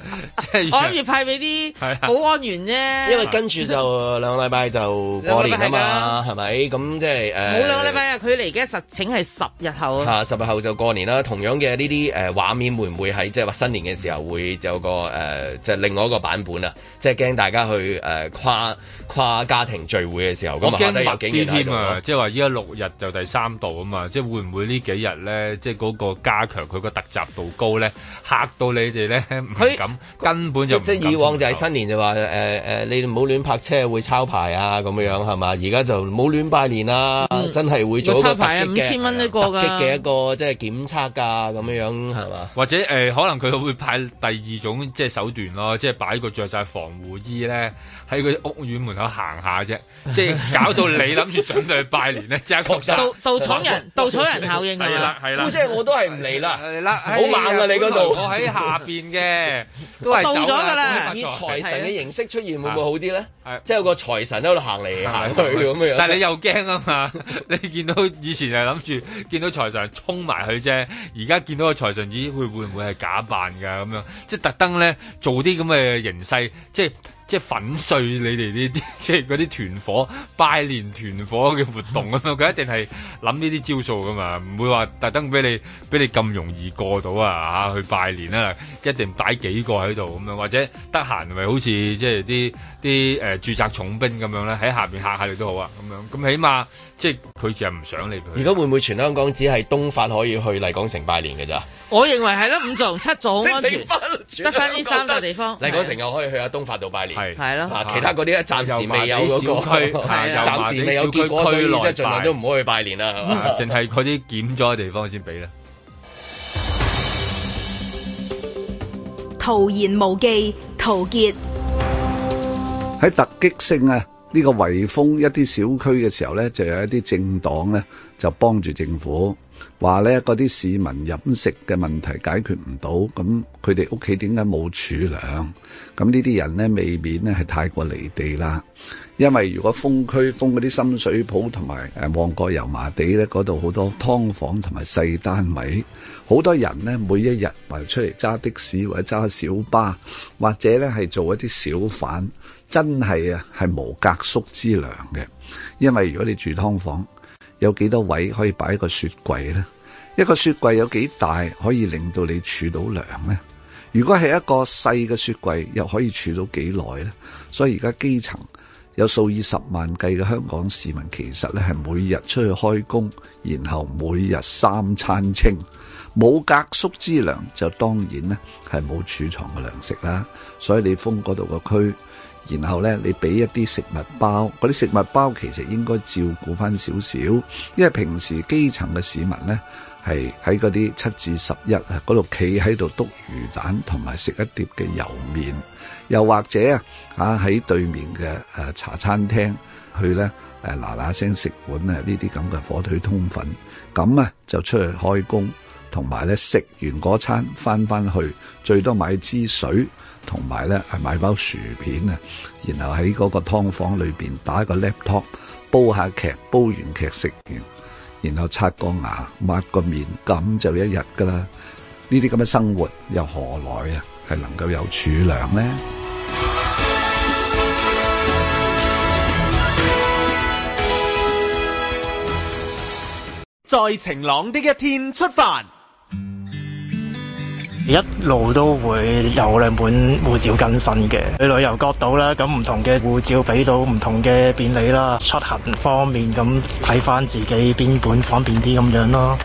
*laughs* 我諗住派俾啲保安員啫，因為跟住就兩個禮拜就過年啊嘛，係咪？咁即係誒，冇兩個禮拜啊，佢嚟嘅實情係十日後，十日後就過年啦。同樣嘅呢啲誒畫面會唔會喺即係話新年嘅時候會有個誒即係另外一個版本啊？即係驚大家去誒、呃、跨跨家庭聚會嘅時候，我驚環境添啊！即係話依家六日就第三度啊嘛，即係會唔會幾呢幾日咧，即係嗰個加強佢個突襲度高咧，嚇到你哋咧唔係咁根本就即，即以往就係新年就話誒誒，你唔好亂泊車會抄牌啊咁樣係嘛？而家就唔好亂拜年啦，嗯、真係會做個突擊嘅一個，、啊、個，一個即係檢測噶咁樣係嘛？或者誒、呃，可能佢會派第二種即係手段咯，即係擺個着晒防護衣咧。嗯喺佢屋苑門口行下啫，即係搞到你諗住準備去拜年咧，即係確實稻草人、稻草人效應啦。係啦，係啦，即係我都係唔嚟啦，係啦，好猛啊！你嗰度，我喺下邊嘅都係到咗噶啦。以財神嘅形式出現會唔會好啲咧？即係個財神喺度行嚟行去咁樣。但係你又驚啊嘛？你見到以前係諗住見到財神衝埋佢啫，而家見到個財神咦會會唔會係假扮噶咁樣？即係特登咧做啲咁嘅形勢，即係。即係粉碎你哋呢啲即係嗰啲團伙拜年團伙嘅活動咁樣，佢一定係諗呢啲招數噶嘛，唔會話特登俾你俾你咁容易過到啊吓去拜年啦，一定擺幾個喺度咁樣，或者得閒咪好似即係啲啲誒駐紮重兵咁樣咧，喺下面嚇下你都好啊咁樣，咁起碼即係佢就係唔想你。而家會唔會全香港只係東法可以去麗港城拜年嘅咋？我認為係啦，五棟七棟安全，得翻呢三個地方。麗港城又可以去下東法度拜年。係係咯，啊啊、其他嗰啲咧暫時未有嗰、那個，暫時未有結果，區區所以儘量都唔好去拜年啦，係嘛，啊？淨係嗰啲檢咗嘅地方先俾咧。徒言無忌，陶傑。喺突擊性啊，呢、這個圍封一啲小區嘅時候咧，就有一啲政黨咧就幫住政府。話咧，嗰啲市民飲食嘅問題解決唔到，咁佢哋屋企點解冇儲糧？咁呢啲人咧，未免咧係太過離地啦。因為如果封區封嗰啲深水埗同埋誒旺角油麻地咧，嗰度好多劏房同埋細單位，好多人咧每一日由出嚟揸的士或者揸小巴，或者咧係做一啲小販，真係啊係無隔宿之糧嘅。因為如果你住劏房，有幾多位可以擺一個雪櫃呢？一個雪櫃有幾大可以令到你儲到糧呢？如果係一個細嘅雪櫃，又可以儲到幾耐呢？所以而家基層有數以十萬計嘅香港市民，其實咧係每日出去開工，然後每日三餐清，冇隔宿之糧就當然咧係冇儲藏嘅糧食啦。所以你封嗰度嘅區。然後咧，你俾一啲食物包，嗰啲食物包其實應該照顧翻少少，因為平時基層嘅市民咧，係喺嗰啲七至十一啊嗰度企喺度篤魚蛋，同埋食一碟嘅油麵，又或者啊喺對面嘅茶餐廳去咧誒嗱嗱聲食碗啊呢啲咁嘅火腿通粉，咁啊就出去開工，同埋咧食完嗰餐翻翻去，最多買支水。同埋咧，係買包薯片啊，然後喺嗰個劏房裏邊打一個 laptop，煲下劇，煲完劇食完，然後刷個牙，抹個面，咁就一日噶啦。呢啲咁嘅生活又何來啊，係能夠有儲糧呢？在晴朗的一天出發。一路都會有兩本護照更新嘅，去旅遊角度啦，咁唔同嘅護照俾到唔同嘅便利啦，出行方面，咁睇翻自己邊本方便啲咁樣咯。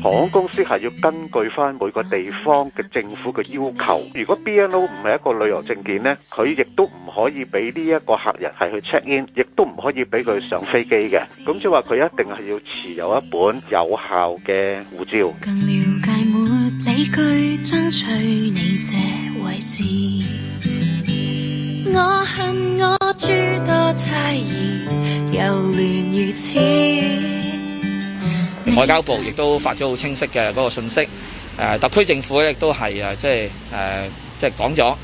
航空公司係要根據翻每個地方嘅政府嘅要求，如果 BNO 唔係一個旅遊證件呢，佢亦都唔可以俾呢一個客人係去 check in，亦都唔可以俾佢上飛機嘅。咁即係話佢一定係要持有一本有效嘅護照。更了解外交部亦都發咗好清晰嘅嗰個信息，誒，特區政府咧亦都係啊，即係誒，即係講咗，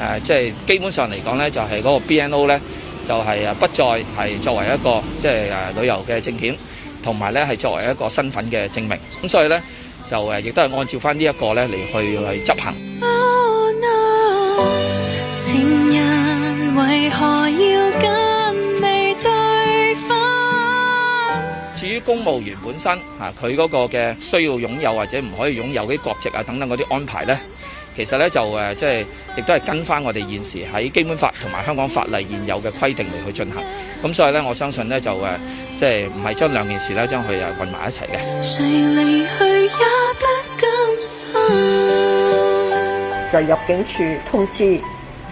誒，即係基本上嚟講咧，就係嗰個 BNO 咧，就係啊，不再係作為一個即係誒旅遊嘅證件，同埋咧係作為一個身份嘅證明，咁所以咧就誒亦都係按照翻呢一個咧嚟去去執行。為何要跟你對方？至於公務員本身，吓佢嗰個嘅需要擁有或者唔可以擁有啲國籍啊等等嗰啲安排呢，其實呢就誒即係亦都係跟翻我哋現時喺基本法同埋香港法例現有嘅規定嚟去進行，咁所以呢，我相信呢就誒即係唔係將兩件事呢將佢又混埋一齊嘅。誰離去也不甘心， *music* 就入境處通知。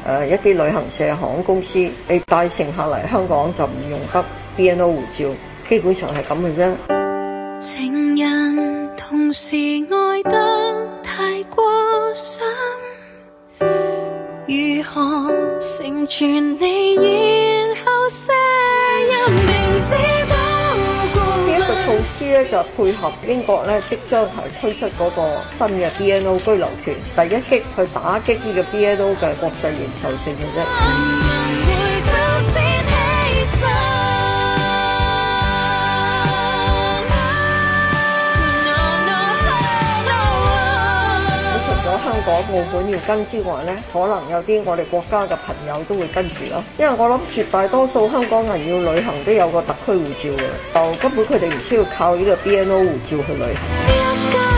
誒，一啲旅行社、航空公司，你帶乘客嚟香港就唔用得 BNO 護照，基本上係咁嘅啫。情人同時愛得太過深，如何成全你？然後聲。呢咧就配合英國咧，即將係推出嗰個新嘅 BNO 居留權，第一擊去打擊呢個 BNO 嘅國際形象先嘅。港澳本要跟之外呢，可能有啲我哋國家嘅朋友都會跟住咯。因為我諗，絕大多數香港人要旅行都有個特區護照嘅，就根本佢哋唔需要靠呢個 BNO 護照去旅行。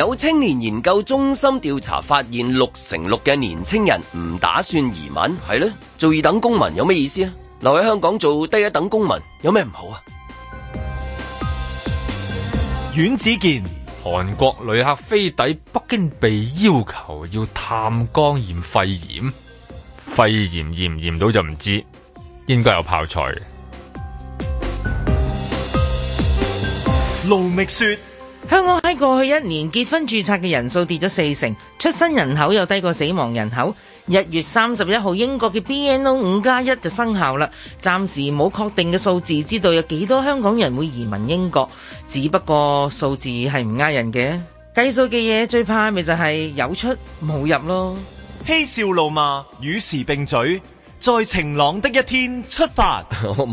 有青年研究中心調查發現，六成六嘅年青人唔打算移民，係呢？做二等公民有咩意思啊？留喺香港做低一等公民有咩唔好啊？阮子健，韓國旅客飛抵北京被要求要探肛驗肺炎，肺炎驗唔驗到就唔知，應該有泡菜嘅。盧覓雪。香港喺過去一年結婚註冊嘅人數跌咗四成，出生人口又低過死亡人口。一月三十一號，英國嘅 BNO 五加一就生效啦，暫時冇確定嘅數字，知道有幾多香港人會移民英國。只不過數字係唔呃人嘅，計數嘅嘢最怕咪就係有出冇入咯。嬉笑怒罵，與時並舉。在晴朗的一天出發，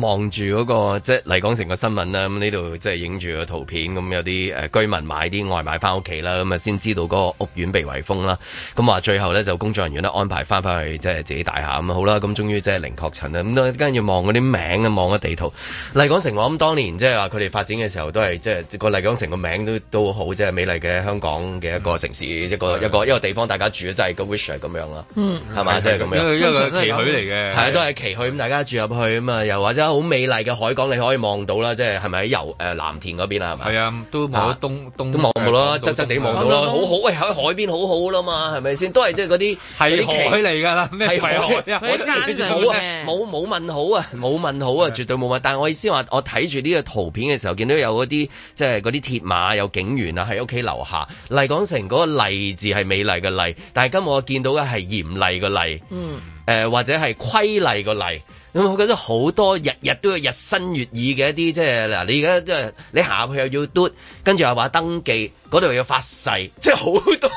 望住嗰個即係麗港城嘅新聞啦，咁呢度即係影住個圖片，咁有啲誒居民買啲外賣翻屋企啦，咁啊先知道嗰個屋苑被圍封啦，咁話最後呢，就工作人員咧安排翻返去即係自己大廈，咁好啦，咁終於即係零確診啦，咁跟住望嗰啲名啊，望個地圖，麗港城我諗當年即係話佢哋發展嘅時候都係即係個麗港城個名都都好即係美麗嘅香港嘅一個城市一個一個一個地方，大家住即係個 wish 咁樣啦，嗯，係嘛即係咁樣，因為期許嚟嘅。係啊，都係奇趣，咁，大家住入去啊嘛，又或者好美麗嘅海港，你可以望到啦，即係係咪喺油誒藍田嗰邊啊？係咪係啊，都望到東東，東東都望到啦，側側地望到囉。好好，喂、欸、喺海邊好好啦嘛，係咪先？都係即係嗰啲係啲海嚟噶啦，咩海？我山就好冇冇問好啊，冇問好啊，絕對冇問。的但係我意思話，我睇住呢個圖片嘅時候，見到有嗰啲即係嗰啲鐵馬，有警員啊喺屋企樓下。麗港城嗰個麗字係美麗嘅麗，但係今日我見到嘅係嚴厲嘅麗。嗯。誒，或者係規例個例，我覺得好多日日都有日新月異嘅一啲，即係嗱，你而家即係你下下去又要嘟，跟住又話登記。嗰度又要發誓，即係好多，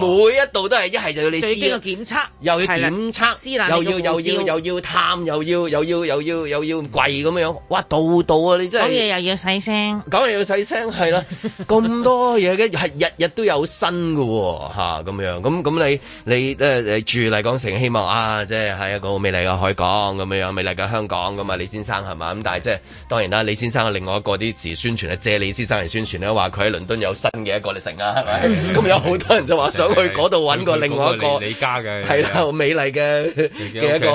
每一度都係一係就要你做邊個檢測，又要檢測，又要又要又要探，又要又要又要又要跪咁樣，哇，道道啊！你真係講嘢又要細聲，講嘢又要細聲，係啦，咁多嘢嘅係日日都有新㗎喎，吓，咁樣，咁咁你你誒住麗港城，希望啊，即係喺一個好美麗嘅海港咁樣，美麗嘅香港咁啊，李先生係嘛？咁但係即係當然啦，李先生嘅另外一個啲字宣傳係借李先生嚟宣傳咧，話佢喺倫敦有新。嘅一個城啊，係咪？咁有好多人就話想去嗰度揾個另外一個你家嘅，係啦，美麗嘅嘅一個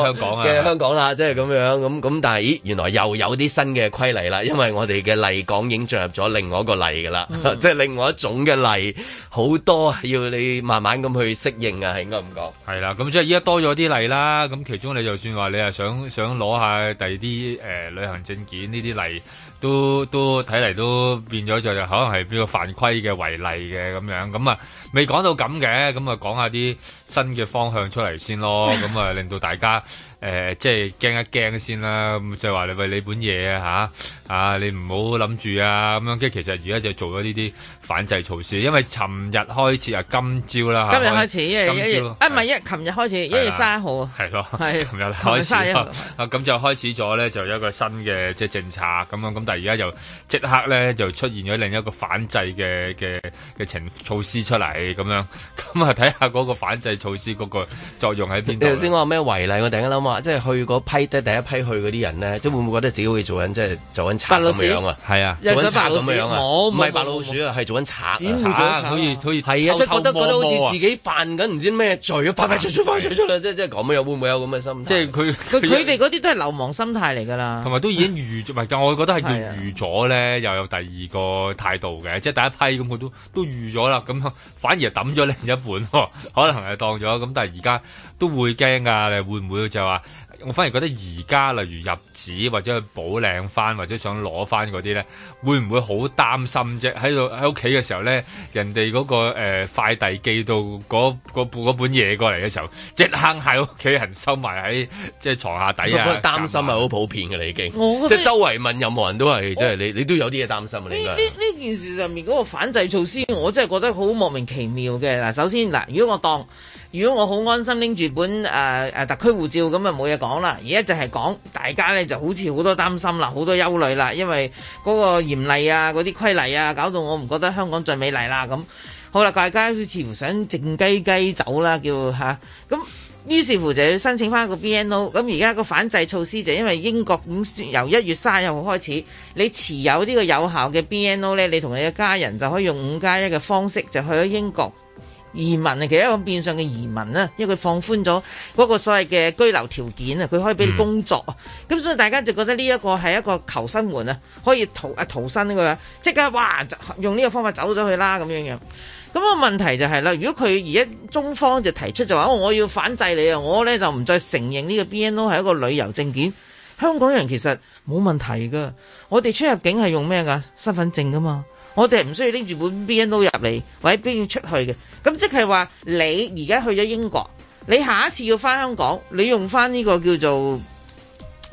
嘅香港啦，即係咁樣咁咁。但係咦，原來又有啲新嘅規例啦，因為我哋嘅麗港已經進入咗另外一個例噶啦，即係、嗯、另外一種嘅例，好多要你慢慢咁去適應啊，係應該咁講。係啦，咁即係依家多咗啲例啦。咁其中你就算話你係想想攞下第二啲誒旅行證件呢啲例。都都睇嚟都變咗，就可能係比較犯規嘅違例嘅咁樣咁啊，未講到咁嘅咁啊，講下啲新嘅方向出嚟先咯，咁啊令到大家。誒、呃、即係驚一驚先啦，就係、是、話你喂你本嘢嚇啊！你唔好諗住啊咁樣即係其實而家就做咗呢啲反制措施，因為尋日開始啊，今朝啦今日開始，今朝唔係一，琴的、啊、日開始，一的月三號係咯，係琴的的日開始咁、啊、就開始咗咧，就有一個新嘅即係政策咁樣咁但係而家就即刻咧就出現咗另一個反制嘅嘅嘅情措施出嚟咁樣咁啊睇下嗰個反制措施嗰個作用喺邊度頭先我咩為例、啊，我突然間諗即係去嗰批咧，第一批去嗰啲人咧，即係會唔會覺得自己好似做緊，即係做緊賊咁樣啊？係啊，做緊白老鼠，唔係白老鼠啊，係做緊賊啊，啊，即係覺得覺得好似自己犯緊唔知咩罪啊，快快出出快出出即係即係咁樣，會唔會有咁嘅心態？即係佢佢哋嗰啲都係流亡心態嚟㗎啦，同埋都已經預咗唔係，我覺得係叫預咗咧，又有第二個態度嘅，即係第一批咁，佢都都預咗啦，咁反而抌咗另一半，可能係當咗咁，但係而家都會驚㗎，你會唔會就話？我反而覺得而家例如入紙或者去補領翻或者想攞翻嗰啲咧，會唔會好擔心啫？喺度喺屋企嘅時候咧，人哋嗰個快遞寄到嗰嗰本嗰本嘢過嚟嘅時候，嗰個呃嗰個、時候即刻喺屋企人收埋喺即係床下底啊！擔心係好普遍嘅啦已經。即係周圍問任何人都係，即係我你你都有啲嘢擔心啊！呢呢呢件事上面嗰個反制措施，我真係覺得好莫名其妙嘅。嗱，首先嗱，如果我當如果我好安心拎住本誒、啊啊、特區護照，咁啊冇嘢講啦。而家就係講大家咧，就好似好多擔心啦，好多憂慮啦，因為嗰個嚴厲啊，嗰啲規例啊，搞到我唔覺得香港最美麗啦咁。好啦，大家似乎想靜雞雞走啦，叫吓咁、啊、於是乎就要申請翻個 BNO。咁而家個反制措施就因為英國咁，由一月三十一號開始，你持有呢個有效嘅 BNO 呢，你同你嘅家人就可以用五加一嘅方式就去咗英國。移民啊，其實一個變相嘅移民啦，因為佢放寬咗嗰個所謂嘅居留條件啊，佢可以俾你工作啊，咁所以大家就覺得呢一個係一個求生門啊，可以逃啊逃生呢個，即刻哇用呢個方法走咗去啦咁樣樣。咁個問題就係啦，如果佢而家中方就提出就話，哦我要反制你啊，我咧就唔再承認呢個 BNO 係一個旅遊證件。香港人其實冇問題噶，我哋出入境係用咩噶？身份證噶嘛。我哋唔需要拎住本 BNO 入嚟，或者邊要出去嘅。咁即係話，你而家去咗英國，你下一次要返香港，你用返呢個叫做。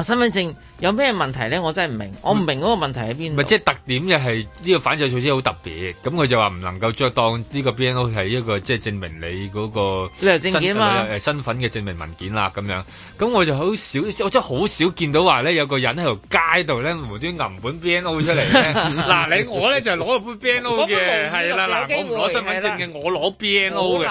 身份證有咩問題咧？我真係唔明，我唔明嗰個問題喺邊。咪即係特點又係呢個反制措施好特別，咁佢就話唔能夠作當呢個 BNO 係一個即係證明你嗰個旅遊證件啊，身份嘅證明文件啦咁樣。咁我就好少，我真係好少見到話咧有個人喺條街度咧無端銀本 BNO 出嚟咧。嗱你我咧就係攞咗本 BNO 嘅，係啦，嗱我唔攞身份證嘅，我攞 BNO 嘅。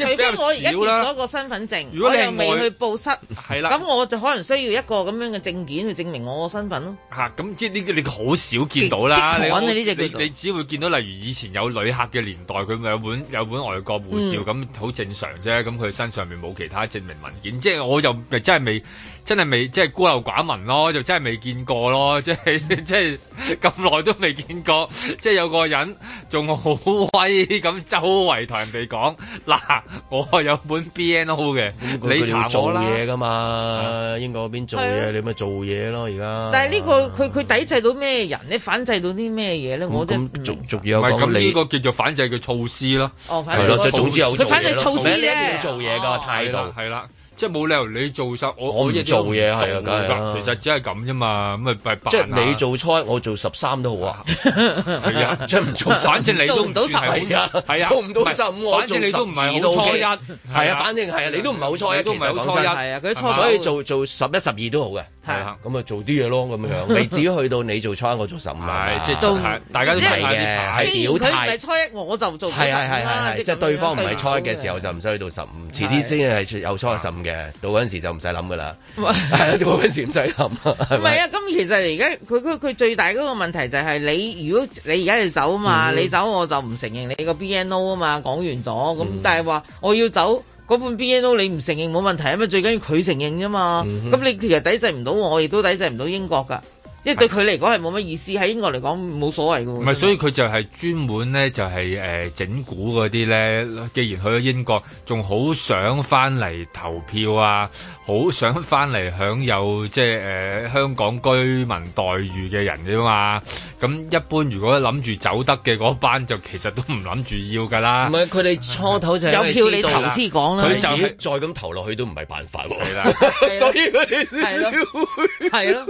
除非我而家截咗個身份證，如果我又未去報失，係啦的，咁我就可能需要一個咁樣嘅證件去證明我個身份咯。吓、啊，咁即係你你好少見到啦。你好叫做你只會見到例如以前有旅客嘅年代，佢有本有本外國護照，咁好、嗯、正常啫。咁佢身上面冇其他證明文件，即係我就真係未真係未即係孤陋寡聞咯，就真係未見過咯，即係即係咁耐都未見過，即係有個人仲好威咁周圍同人哋講嗱。我有本 BNO 嘅，你哋做嘢噶嘛？英國嗰邊做嘢，你咪做嘢咯。而家，但係呢個佢佢抵制到咩人你反制到啲咩嘢咧？我咁續續有講，唔咁呢個叫做反制嘅措施咯。哦，係咯，即係總之有反制措施咯。咩叫做做嘢㗎，態度？係啦。即係冇理由你做十，我我做嘢係啊，其實只係咁啫嘛，咁咪即你做初一，我做十三都好啊。係啊，即係唔做，反正你做唔到十五，係啊，做唔到十五，反正你都唔係好初一，係啊，反正係啊，你都唔係好初一，都唔係好初一，係啊，所以做做十一十二都好嘅。係啦，咁啊做啲嘢咯，咁樣樣未至於去到你做初一，我做十五啦，即係都大家都睇嘅。係如果唔係初一，我就做。係係係，即係對方唔係初一嘅時候就唔使去到十五，遲啲先係有初一十五嘅，到嗰時就唔使諗噶啦。係啊，到嗰時唔使諗。唔係啊，咁其實而家佢佢佢最大嗰個問題就係你如果你而家要走啊嘛，你走我就唔承認你個 B N O 啊嘛，講完咗咁，但係話我要走。嗰本 BNO 你唔承認冇問題啊嘛，最緊要佢承認啫嘛，咁、嗯、哼你其實抵制唔到我，亦都抵制唔到英國噶。即係對佢嚟講係冇乜意思，喺英國嚟講冇所謂嘅。唔係是，的所以佢就係專門咧，就係誒整蠱嗰啲咧。既然去咗英國，仲好想翻嚟投票啊，好想翻嚟享有即係誒香港居民待遇嘅人啫、啊、嘛。咁一般如果諗住走得嘅嗰班，就其實都唔諗住要噶啦。唔係，佢哋初頭就 *laughs* 有票你，你投資講啦，佢就是、再咁投落去都唔係辦法、啊。 *laughs* 了 *laughs* 所以嗰啲係咯，係咯，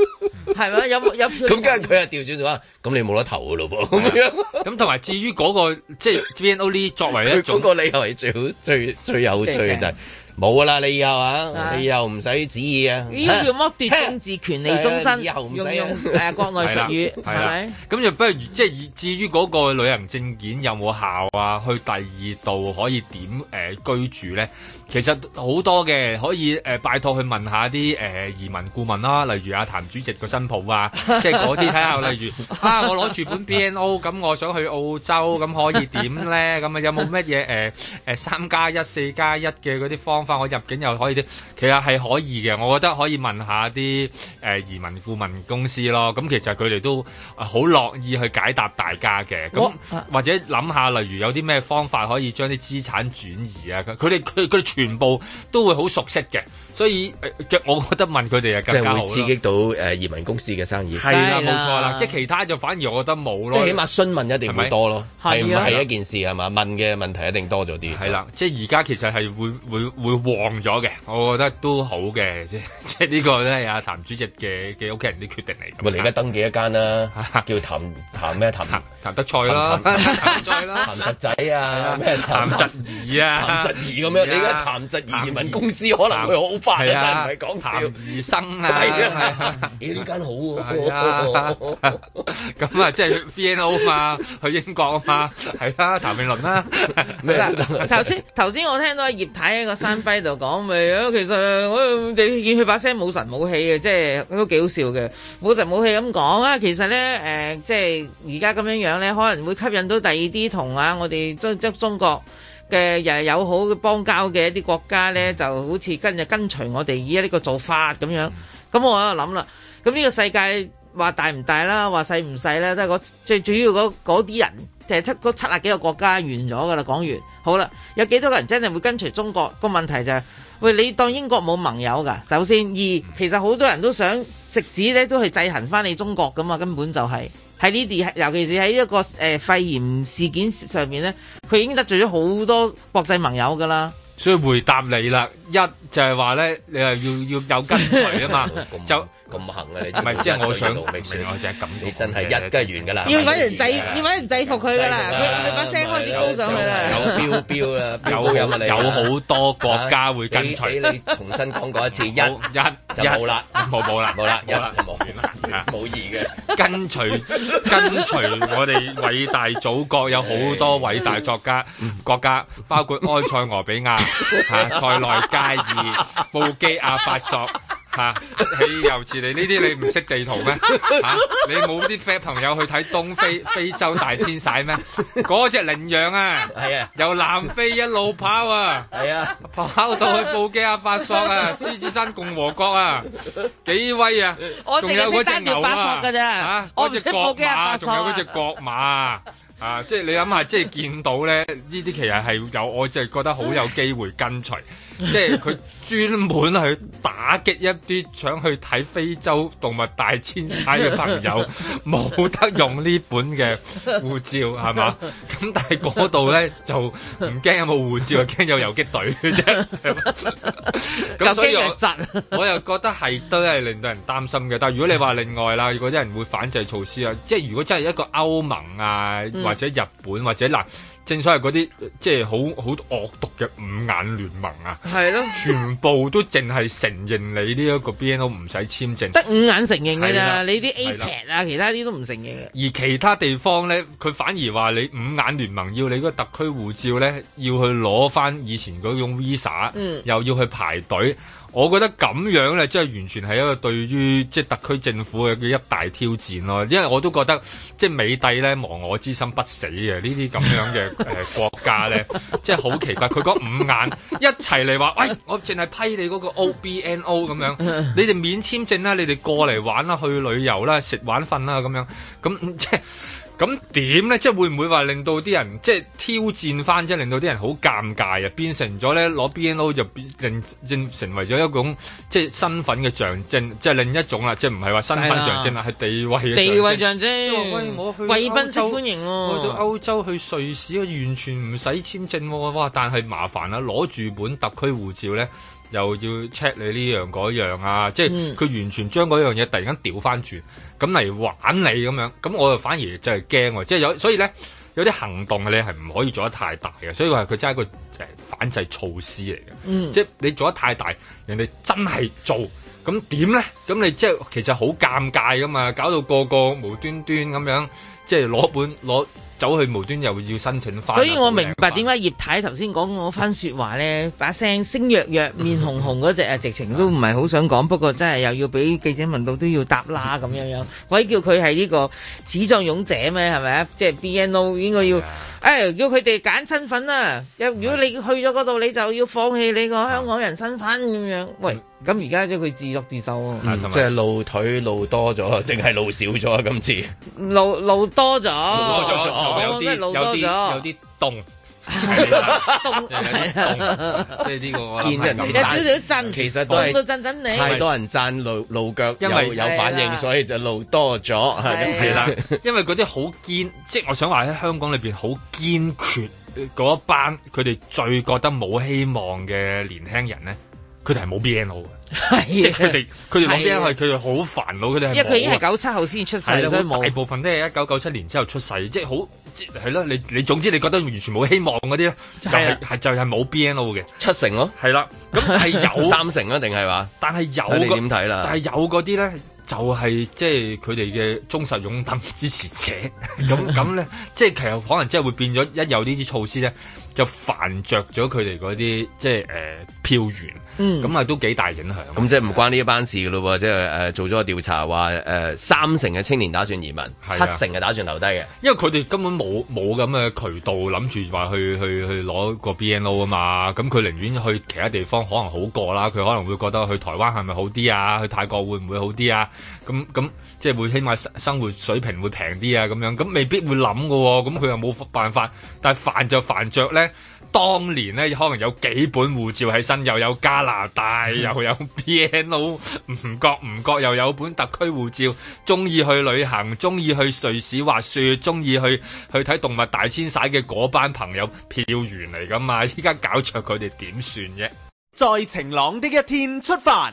*laughs* 係咪 *laughs* 有。咁梗係佢又調轉咗啊！咁你冇得投噶咯噃，咁樣咁同埋至於嗰個即係 T N O 呢？作為一種嗰 *laughs* 個理由係最好最最有趣嘅就係冇啊啦，你又啊，啊你又唔使旨意啊！呢叫剝奪政治權利終身，又唔使用係啊，國內術語係咪？咁就、啊 *laughs* 啊啊、不如即係、就是、至於嗰個旅行證件有冇效啊？去第二度可以點誒、呃、居住咧？其實好多嘅，可以誒拜託去問下啲誒移民顧問啦，例如阿譚主席個新抱啊，即係嗰啲睇下，例如啊，我攞住本 BNO，咁我想去澳洲，咁可以點咧？咁啊有冇乜嘢誒誒三加一、四加一嘅嗰啲方法，我入境又可以啲？其實係可以嘅，我覺得可以問下啲誒移民顧問公司咯。咁其實佢哋都好樂意去解答大家嘅。咁或者諗下，例如有啲咩方法可以將啲資產轉移啊？佢哋佢佢全部都會好熟悉嘅。所以我覺得問佢哋又更加好啦。即係會刺激到誒移民公司嘅生意。係啦，冇錯啦，即係其他就反而我覺得冇咯。即係起碼詢問一定會多咯，係唔係一件事係嘛？問嘅問題一定多咗啲。係啦，即係而家其實係會會會旺咗嘅，我覺得都好嘅，即即係呢個都係阿譚主席嘅嘅屋企人啲決定嚟。咁你而家登記一間啦，叫譚譚咩譚？譚德賽啦，譚菜啦，譚澤仔啊，咩譚澤怡啊，譚澤怡咁樣，你而家譚澤怡移民公司可能會好快係啊，唔係講笑而生啊！誒呢間好啊。咁啊，即係 VNO 啊嘛，去英國嘛，係啊，譚詠麟啦。頭先頭先，我聽到葉太喺個山飛度講，咪啊，其實我哋見佢把聲冇神冇氣嘅，即係都幾好笑嘅，冇神冇氣咁講啊。其實咧，誒，即係而家咁樣樣咧，可能會吸引到第二啲同啊，我哋即即中國。嘅又友好邦交嘅一啲國家呢，就好似跟住跟隨我哋而家呢個做法咁樣。咁我喺度諗啦。咁呢個世界話大唔大啦，話細唔細咧，都係最主要嗰啲人，誒、就係、七七十幾個國家完咗噶啦。講完好啦，有幾多個人真係會跟隨中國？個問題就係、是，喂，你當英國冇盟友噶？首先二，其實好多人都想食子呢，都係制衡翻你中國噶嘛，根本就係、是。喺呢啲，尤其是喺一個、呃、肺炎事件上面呢，咧，佢已經得罪咗好多國際盟友噶啦。所以回答你啦，一就係話咧，你係要要有跟隨啊嘛， *laughs* 就。咁行啊！你唔係即係我想，唔明，我即係咁。你真係一，梗係完㗎啦！要揾人制，要人制服佢㗎啦！佢把聲開始高上去啦。有標標啦，有有好多國家會跟隨。俾你重新講過一次，一一就冇啦，冇冇啦，冇啦，一冇完啦，冇二嘅。跟隨跟隨我哋偉大祖國，有好多偉大作家國家，包括埃塞俄比亞、哈塞內加爾、布基亞巴索。吓，豈有此理，呢啲你唔識地圖咩？吓，你冇啲 friend 朋友去睇東非非洲大遷徙咩？嗰隻羚羊啊，係啊，由南非一路跑啊，係啊，跑到去布基亞法索啊，獅子山共和國啊，幾威啊！仲有嗰隻牛啊，列法索噶啫，吓，我唔識布基亞法索啊。仲有嗰隻角馬啊，即係你諗下，即係見到咧，呢啲其實係有，我即就覺得好有機會跟隨。 *laughs* 即係佢專門去打擊一啲想去睇非洲動物大遷徙嘅朋友，冇 *laughs* 得用呢本嘅護照係嘛？咁但係嗰度咧就唔驚有冇護照，驚 *laughs* 有遊擊隊嘅啫。咁 *laughs* *laughs* *laughs* 所以我，我又覺得係都係令到人擔心嘅。但如果你話另外啦， *laughs* 如果啲人會反制措施啊，即係如果真係一個歐盟啊，嗯、或者日本或者嗱。正所謂嗰啲即係好好惡毒嘅五眼聯盟啊，係咯，全部都淨係承認你呢一個 BNO 唔使簽證，得五眼承認嘅啦，係你啲 APEC 啊，其他啲都唔承認嘅。而其他地方呢，佢反而話你五眼聯盟要你嗰個特區護照呢，要去攞翻以前嗰種 visa，嗯，又要去排隊。我覺得咁樣咧，即係完全係一個對於即係特區政府嘅一大挑戰咯，因為我都覺得即係美帝咧，亡我之心不死嘅呢啲咁樣嘅誒、呃、 *laughs* 國家咧，即係好奇怪，佢嗰 *laughs* 五眼一齊嚟話，喂、哎，我淨係批你嗰個 OBNO 咁樣，你哋免簽證啦，你哋過嚟玩啦，去旅遊啦，食玩瞓啦咁樣，咁即係。嗯 *laughs* 咁點咧？即係會唔會話令到啲人即係挑戰翻，即係令到啲人好尷尬啊？變成咗咧攞 BNO 就變令認成為咗一種即係身份嘅象徵，即係另一種啦，即係唔係話身份象徵啦，係嘅地位地位象徵。即係喂，我去去貴賓受歡迎、啊、到歐洲去瑞士，完全唔使簽證喎、啊，哇！但係麻煩啦，攞住本特區護照咧。又要 check 你呢樣嗰樣啊，即係佢完全將嗰樣嘢突然間掉翻轉咁嚟玩你咁樣，咁我又反而真係驚喎，即係有所以咧，有啲行動你係唔可以做得太大嘅，所以話佢真係一個誒反制措施嚟嘅，嗯、即係你做得太大，人哋真係做咁點咧？咁你即係其實好尷尬㗎嘛，搞到個個無端端咁樣即係攞本攞。走去無端又要申請翻，所以我明白點解葉太頭先講嗰番說話呢， *laughs* 把聲聲弱弱、面紅紅嗰隻啊，直情都唔係好想講， *laughs* 不過真係又要俾記者問到都要答啦咁樣樣。鬼叫佢係呢個始作俑者咩？係咪啊？即係 BNO 應該要。 *laughs* 誒、哎，叫佢哋揀身份啦，又如果你去咗嗰度，你就要放棄你個香港人身份咁樣。的喂，咁而家即係佢自作自受啊。即係、嗯、露腿露多咗定係露少咗啊？今次露露多咗，有啲有啲凍。凍係啊！即係呢個，見人有少少震，震震震其實都震震你？太多人讚露露腳，因為有反應，的所以就露多咗。係啦的，因為嗰啲好堅，即、就、係、是、我想話喺香港裏邊好堅決嗰一班，佢哋最覺得冇希望嘅年輕人咧，佢哋係冇 BNO 嘅。是啊、即係佢哋，佢哋嘅 BNO 係佢哋好煩惱，佢哋、啊、因為佢已經係九七後先出世、啊，所以大部分都係一九九七年之後出世，即係好即係咯。你你總之你覺得完全冇希望嗰啲咧，就係、是、係、啊、就係冇 BNO 嘅七成咯、啊，係啦、啊。咁係有 *laughs* 三成啊，定係話？但係有你點睇啦。那呢但係有嗰啲咧，就係即係佢哋嘅忠實擁躉支持者。咁咁咧，即係其實可能即係會變咗。一有呢啲措施咧，就煩着咗佢哋嗰啲即係誒、呃、票源。嗯，咁啊都幾大影響、啊，咁即係唔關呢一班事咯喎，即係誒、呃、做咗個調查話誒、呃、三成嘅青年打算移民，啊、七成嘅打算留低嘅，因為佢哋根本冇冇咁嘅渠道諗住話去去去攞個 BNO 啊嘛，咁佢寧願去其他地方可能好過啦，佢可能會覺得去台灣係咪好啲啊，去泰國會唔會好啲啊，咁咁即係會起碼生活水平會平啲啊咁樣，咁未必會諗㗎喎，咁佢又冇辦法，但係煩就煩着咧。當年咧，可能有幾本護照喺身，又有加拿大， *laughs* 又有 BNO 唔覺唔覺，又有本特區護照，中意去旅行，中意去瑞士滑雪，中意去去睇動物大遷徙嘅嗰班朋友票源嚟噶嘛？依家搞錯佢哋點算啫？在晴朗的一天出發。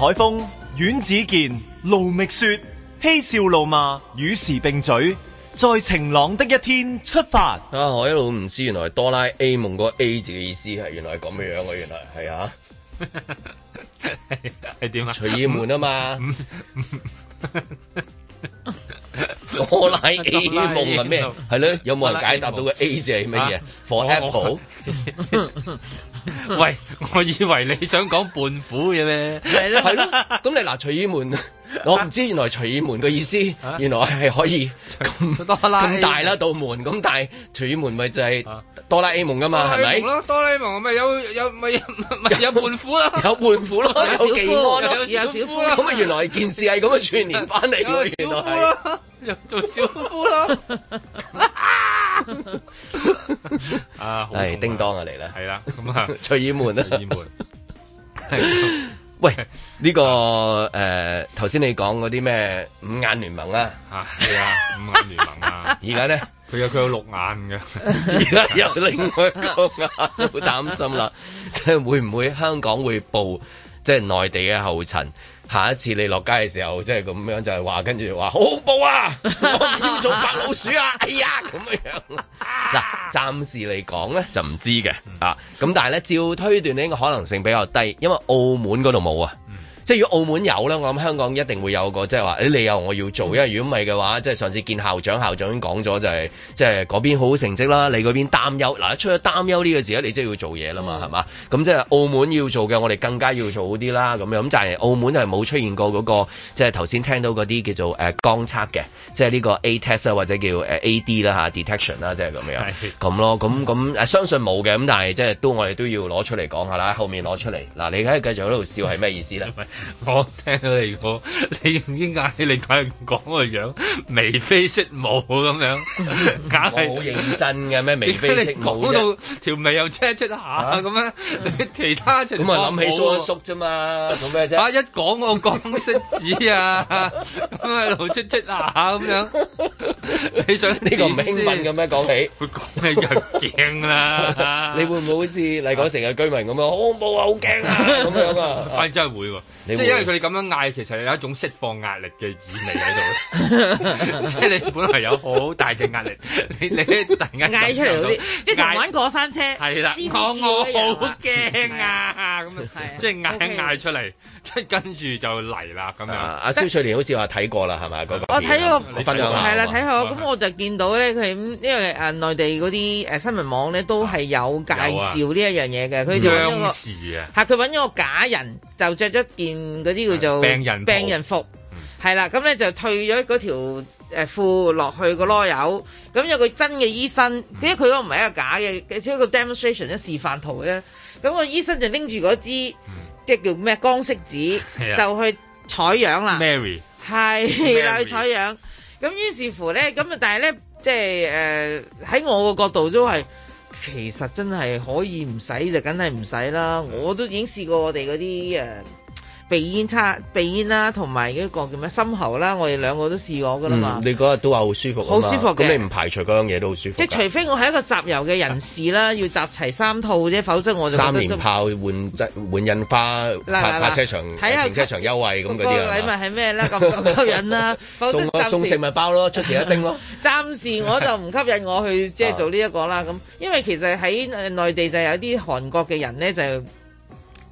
海風、阮子健、盧覓雪、嬉笑怒罵、與時並嘴，在晴朗的一天出發。我一路唔知，原來哆啦 A 夢個 A 字嘅意思係原來係咁樣嘅，原來係啊，係點啊？隨意門啊嘛！哆啦 A 夢係咩？係咧？有冇人解答到個 A 字係乜嘢？For Apple？ *laughs* 喂，我以為你想講胖虎嘅咩？係咯 *laughs* 的，咁你嗱，隨意門，我唔知道原來隨意門嘅意思，啊、原來係可以咁咁大啦，道門咁大，但係隨意門咪就係哆啦 A 夢噶嘛，係咪？哆啦吧 A 夢我咪有有咪咪有，有胖虎咯，有胖虎咯，有小夫，有小夫咯，咁咪 *laughs* 原來件事係咁嘅串聯翻嚟嘅，有原來係。又做小夫咯。 *laughs* *laughs* *laughs* 啊，係叮噹啊嚟啦，係啦，咁啊，趣耳、哎啊啊啊、門啦、啊，耳 *laughs* 門，係， *laughs* 喂，呢、這個誒，頭先、啊呃、你講嗰啲咩五眼聯盟啊？吓、啊，係啊，五眼聯盟啊，而家咧，佢有佢有六眼嘅，而 *laughs* 家有另外一個、啊，好擔心啦，即、就、係、是、會唔會香港會步即係內地嘅後塵？下一次你落街嘅時候，即係咁樣就係話跟住話好恐怖啊！我唔要做白老鼠啊！哎呀，咁樣樣嗱、啊， *laughs* 暫時嚟講咧就唔知嘅、嗯、啊，咁但係咧照推斷呢個可能性比較低，因為澳門嗰度冇啊。即係如果澳門有咧，我諗香港一定會有個即係話，誒你有我要做，因為如果唔係嘅話，即係上次見校長，校長已經講咗就係、是，即係嗰邊好好成績啦，你嗰邊擔憂，嗱一出咗擔憂呢個字咧，你真係要做嘢啦嘛，係嘛？咁即係澳門要做嘅，我哋更加要做好啲啦，咁樣咁但係澳門係冇出現過嗰、那個，即係頭先聽到嗰啲叫做誒、呃、光測嘅，即係呢個 A test 啊或者叫誒 A D 啦吓 detection 啦即係咁樣，咁是的 咯，咁咁相信冇嘅，咁但係即係都我哋都要攞出嚟講下啦，後面攞出嚟，嗱你睇下繼續喺度笑係咩意思咧？ *laughs* 我聽到你我，你啲嗌你嚟講嘅樣眉飛色舞咁樣，硬係好認真嘅咩？眉飛色舞啫，條眉又出出下咁樣，你其他就冇。咁啊諗起阿叔啫嘛，做咩啫？啊一講我講出紙啊，咁喺度出出牙咁樣。你想呢個唔興奮嘅咩？講起，佢講咩又驚啦。你會唔會好似麗港城嘅居民咁樣好恐怖啊？好驚啊咁樣啊？反正真係會喎。即係因為佢哋咁樣嗌，其實有一種釋放壓力嘅意味喺度。即係你本來有好大嘅壓力，你你突然間嗌出嚟，啲，即係玩過山車。係啦，我我好驚啊！咁啊，即係嗌嗌出嚟，即係跟住就嚟啦。咁啊，阿蕭翠蓮好似話睇過啦，係咪？嗰個我睇過，係啦，睇下。咁我就見到咧，佢因為誒內地嗰啲誒新聞網咧都係有介紹呢一樣嘢嘅。佢就揾咗個佢揾咗個假人，就着咗件。嗯，嗰啲叫做病人服，病人服，係啦，咁咧就退咗嗰條誒褲落去個囉柚，咁、嗯、有個真嘅醫生，點解佢嗰個唔係一個假嘅？佢一個 demonstration，一個示範圖咧，咁、個醫生就拎住嗰支、嗯、即係叫咩光色紙，的就去採樣啦。Mary 係，是 Mary *laughs* 去採樣。咁於是乎咧，咁啊，但係咧，即係誒喺我個角度都係，其實真係可以唔使就梗係唔使啦。嗯、我都已經試過我哋嗰啲誒。呃鼻咽擦鼻咽啦，同埋一個叫咩深喉啦，我哋兩個都試過噶啦嘛。你嗰日都話好舒服啊嘛。好舒服嘅，咁你唔排除嗰樣嘢都好舒服。即除非我係一個集郵嘅人士啦，要集齊三套啫，否則我就三年炮換印花，泊車場睇下停車場優惠咁嗰啲啊。個禮物係咩啦？夠唔夠吸引啦？送送食物包咯，出前一丁咯。暫時我就唔吸引我去即係做呢一個啦，咁因為其實喺內地就有啲韓國嘅人咧就。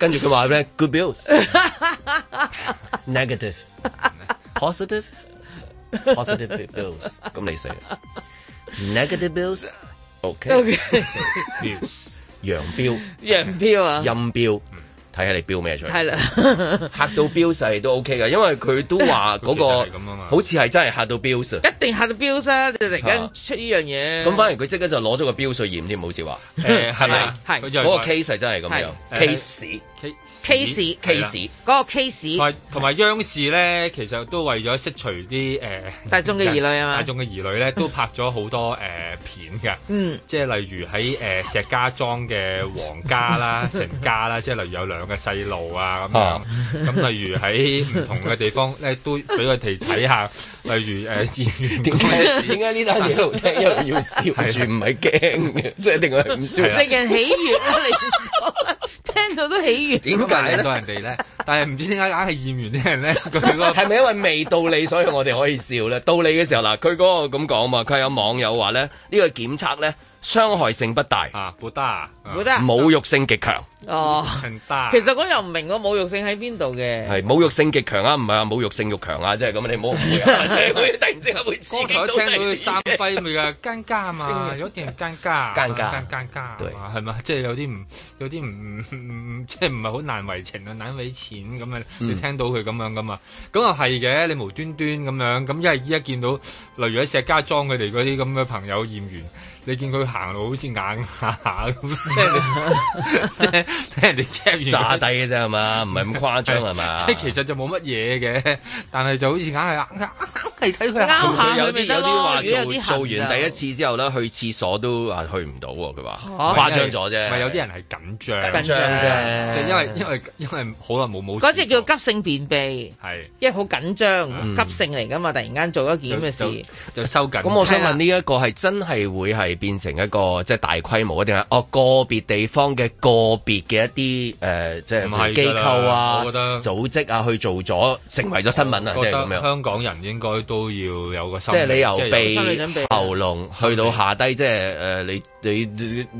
跟住佢話咩？Good bills，negative，positive，positive bills，咁你死？Negative bills，OK，bills，陽標，陽標啊，陰標，睇下你標咩出嚟？嚇到標屎都 OK 噶，因為佢都話嗰個好似係真係嚇到標屎，一定嚇到標屎啊！你突然間出呢樣嘢，咁反而佢即刻就攞咗個標屎驗添，好似話，係咪？係嗰個 case 真係咁樣 case。case case 嗰個 case 同埋同埋央視咧，其實都為咗釋除啲誒大眾嘅疑慮啊嘛，大眾嘅疑慮咧都拍咗好多誒片噶，嗯，即係例如喺誒石家莊嘅皇家啦、成家啦，即係例如有兩個細路啊咁樣，咁例如喺唔同嘅地方咧都俾佢哋睇下，例如誒點解點解呢單嘢喺度聽，因為要笑住唔係驚嘅，即係定係唔笑，令人喜悅啊你。聽到都起鬨，點解咧？到人哋咧，但係唔知點解硬係驗完啲人咧。佢係咪因為未到你，所以我哋可以笑咧？到你嘅時候嗱，佢個咁講嘛，佢係有網友話咧，呢個檢測咧。傷害性不大啊，唔大唔大，侮辱性極強哦。其實我又唔明個侮辱性喺邊度嘅。係侮辱性極強啊，唔係話侮辱性欲強啊，即係咁你唔好誤會啊。即係突然之間會聽到佢三費咪啊奸家嘛，有啲人奸家奸家奸家係嘛，即係有啲唔有啲唔即係唔係好難為情啊，難為錢咁樣你聽到佢咁樣噶嘛，咁又係嘅，你無端端咁樣，咁因為依家見到例如喺石家莊佢哋嗰啲咁嘅朋友驗員。你見佢行路好似硬下下咁，即係即係聽人哋講完。詐低嘅啫係嘛，唔係咁誇張係嘛。即係其實就冇乜嘢嘅，但係就好似硬係硬下下睇佢。啱有啲有啲話做完第一次之後咧，去廁所都話去唔到喎。佢話誇張咗啫。唔係有啲人係緊張緊張啫，就因為因為因為好耐冇冇。嗰隻叫急性便秘。係。因為好緊張，急性嚟㗎嘛，突然間做一件咁嘅事就收緊。咁我想問呢一個係真係會係？變成一個即係大規模一定係哦個別地方嘅個別嘅一啲誒、呃，即係機構啊、組織啊去做咗，成為咗新聞啊，即係咁樣。香港人應該都要有個心。即係你由鼻、喉嚨去到下低，即係誒，你你，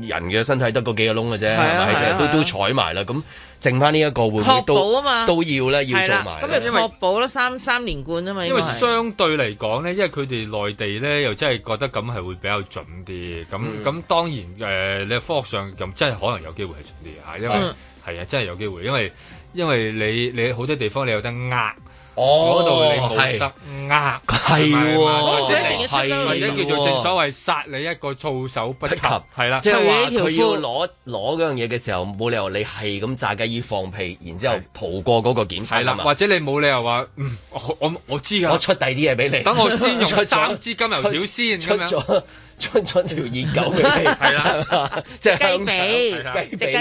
你人嘅身體得嗰幾個窿嘅啫，係咪？都、啊、都，都採埋啦咁。剩翻呢一個會，會都嘛都要啦，要做埋。咁咪確保啦，三三連冠啊嘛。因為，因為相對嚟講咧，因為佢哋內地咧，又真係覺得咁係會比較準啲。咁咁、嗯、當然誒、呃，你喺科學上咁真係可能有機會係準啲吓，因為係啊、嗯，真係有機會，因為因為你你好多地方你有得呃。嗰度、哦、你冇得呃，係喎，啊、或者叫做正所謂殺你一個措手不及，係啦、啊，即係話佢要攞攞嗰樣嘢嘅時候，冇理由你係咁炸雞衣放屁，然之後逃過嗰個檢查，係或者你冇理由話，嗯，我我，我知噶、啊，我出第二啲嘢俾你，等我先用三支金油條先。 *laughs* 出咗。出出出咗條熱狗嘅你，係啦，即係雞髀、雞髀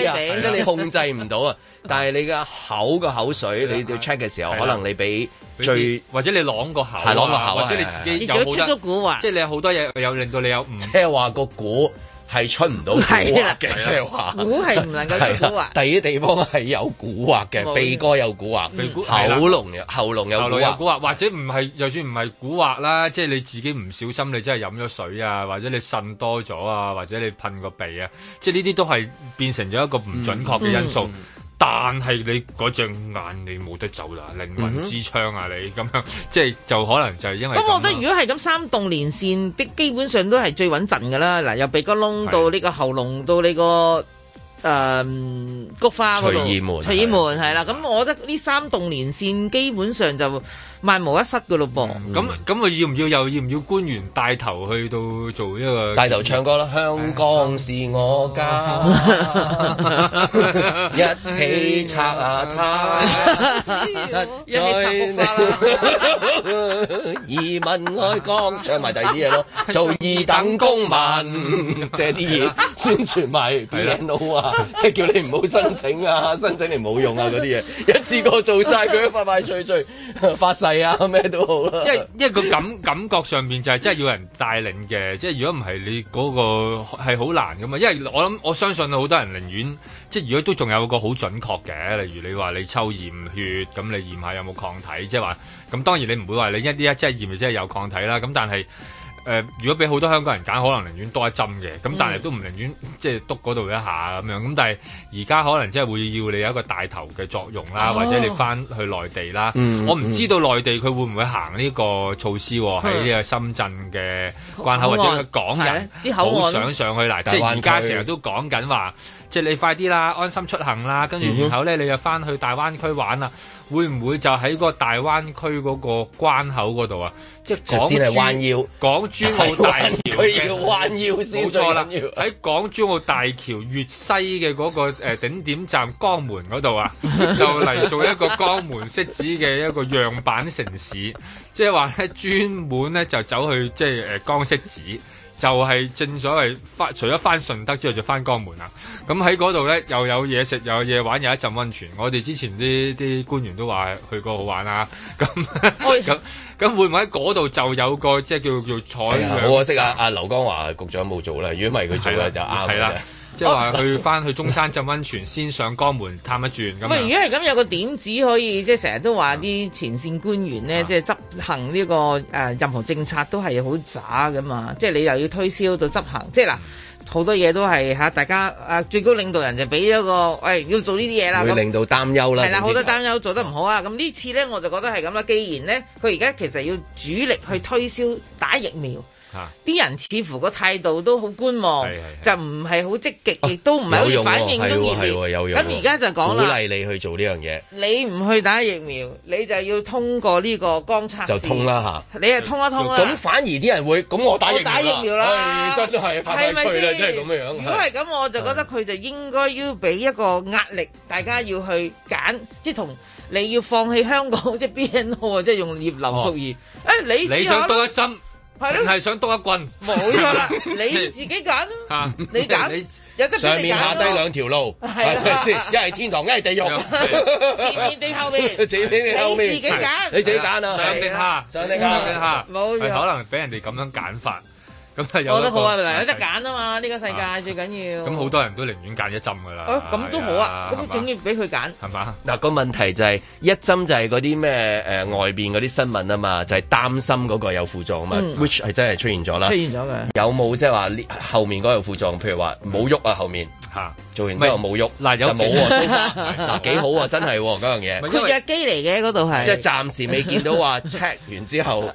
啊！即係你控制唔到啊，但係你嘅口嘅口水，你去 check 嘅時候，可能你俾最或者你攞個口，攞個口，或者你自己有出咗股話，即係你有好多嘢，有令到你有即係話個股。係出唔到蠱惑嘅，即係話，啊、估係唔能夠出蠱惑。第啲、啊、地方係有蠱惑嘅，哦、鼻哥有蠱惑，鼻龍、嗯、嚨有，喉嚨有，有蠱惑，或者唔係，就算唔係蠱惑啦，即係你自己唔小心，你真係飲咗水啊，或者你腎多咗啊，或者你噴個鼻啊，即係呢啲都係變成咗一個唔準確嘅因素。嗯嗯但係你嗰隻眼你冇得走啦，靈魂之窗啊你，你咁樣即係就可能就係因為咁，我覺得如果係咁三棟連線的基本上都係最穩陣噶啦，嗱由鼻哥窿到呢個喉嚨，的到，個喉嚨到你個誒、呃、菊花嗰度，隨意門，隨意門係啦，咁的我覺得呢三棟連線基本上就。萬無一失嘅咯噃，咁咁啊要唔要又要唔要官員帶頭去到做呢個帶頭唱歌啦？香港是我家，一起拆下他，一起移民愛國，唱埋第二啲嘢咯，做二等公民，借啲嘢宣傳埋 BNO 啊，即係叫你唔好申請啊，申請你冇用啊嗰啲嘢，一次過做晒佢，快快脆脆發生。係啊，咩都好啦。即係，即係個感感覺上面就係，真係要人帶領嘅。即係 *laughs* 如果唔係、那個，你嗰個係好難噶嘛。因為我諗，我相信好多人寧願，即係如果都仲有個好準確嘅，例如你話你抽驗血咁，你驗下有冇抗體，即係話。咁當然你唔會話你一啲一即係驗即係有抗體啦。咁但係。誒、呃，如果俾好多香港人揀，可能寧願多一針嘅，咁但係都唔寧願、嗯、即係督嗰度一下咁樣。咁但係而家可能即係會要你有一個帶頭嘅作用啦，哦、或者你翻去內地啦。嗯嗯我唔知道內地佢會唔會行呢個措施喎，喺呢、嗯、個深圳嘅關口或者佢講人好想上去嚟，但係而家成日都講緊話。即係你快啲啦，安心出行啦，跟住然後咧，你就翻去大灣區玩啊？會唔會就喺個大灣區嗰個關口嗰度啊？即係先嚟彎腰，港珠澳大橋彎腰先、啊，冇錯啦。喺港珠澳大橋越西嘅嗰個頂點站江門嗰度啊，就嚟做一個江門色子嘅一個樣板城市， *laughs* 即係話咧專門咧就走去即係江色子。就係正所謂翻，除咗翻順德之後就翻江門啦。咁喺嗰度咧，又有嘢食，又有嘢玩，又一浸溫泉。我哋之前啲啲官員都話去過好玩啦，啊。咁咁咁會唔會喺嗰度就有個即係叫，叫做叫採樣啊？好可惜啊！阿劉江華局長冇做啦。如果唔係佢做嘅，啊，就啱對即係話去翻去中山浸溫泉，先上江門探一轉。咁如果係咁，有個點子可以，即係成日都話啲前線官員咧，嗯、即係執行呢、呢個誒、呃、任何政策都係好渣噶嘛。即係你又要推銷到執行，即係嗱，好、嗯、多嘢都係嚇大家最高領導人就俾咗個喂、哎，要做呢啲嘢啦，會令到擔憂啦。係啦、啊，好多擔憂做得唔好啊。咁呢次咧，我就覺得係咁啦。既然咧，佢而家其實要主力去推銷打疫苗。嗯。啲人似乎個態度都好觀望，就唔係好積極，亦都唔係好反應中咁而家就講啦，鼓勵你去做呢樣嘢。你唔去打疫苗，你就要通過呢個光測試就通啦吓。你啊，通一通啦。咁反而啲人會咁，我打疫苗啦。我打疫苗啦，真係太有趣啦，真係咁樣。如果係咁，我就覺得佢就應該要俾一個壓力，大家要去揀，即係同你要放棄香港即係 B N O 即係用葉劉淑儀。誒，你想多一針？係係想督一棍，冇錯啦，你自己揀，嚇，你揀，有得你揀，上面下低兩條路，係咪先？一係天堂，一係地獄。前面定後面，你自己揀，你自己揀啊，上定下！上定下！冇可能俾人哋咁樣揀法。咁係有，覺得好啊！嗱，有得揀啊嘛，呢個世界最緊要。咁好多人都寧願揀一針噶啦。咁都好啊，咁總要俾佢揀，係嘛？嗱，個問題就係一針就係嗰啲咩誒外邊嗰啲新聞啊嘛，就係擔心嗰個有副作用啊嘛。Which 係真係出現咗啦。出現咗嘅。有冇即係話後面嗰個副作用譬如話冇喐啊，後面嚇做完之後冇喐，嗱有幾好啊，嗱幾好啊，真係嗰樣嘢。血壓機嚟嘅嗰度係。即係暫時未見到話 check 完之後。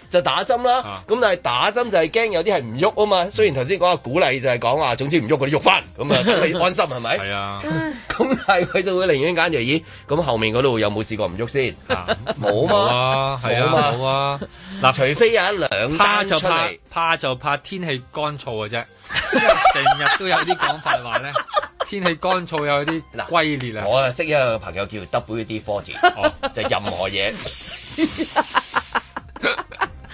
就打針啦，咁但係打針就係驚有啲係唔喐啊嘛。雖然頭先講個鼓勵就係講話，總之唔喐嗰啲喐翻，咁啊可以安心係咪？係啊。咁但係佢就會寧願揀第二。咁後面嗰度有冇試過唔喐先？冇啊。冇嘛啊。冇嘛啊。嗱嘛，啊、除非有一兩。怕就怕，怕，怕就怕天氣乾燥嘅啫。因為成日都有啲講法話咧，天氣乾燥有啲龜裂啊。我啊識一個朋友叫 WD-40、哦、就任何嘢。 *laughs*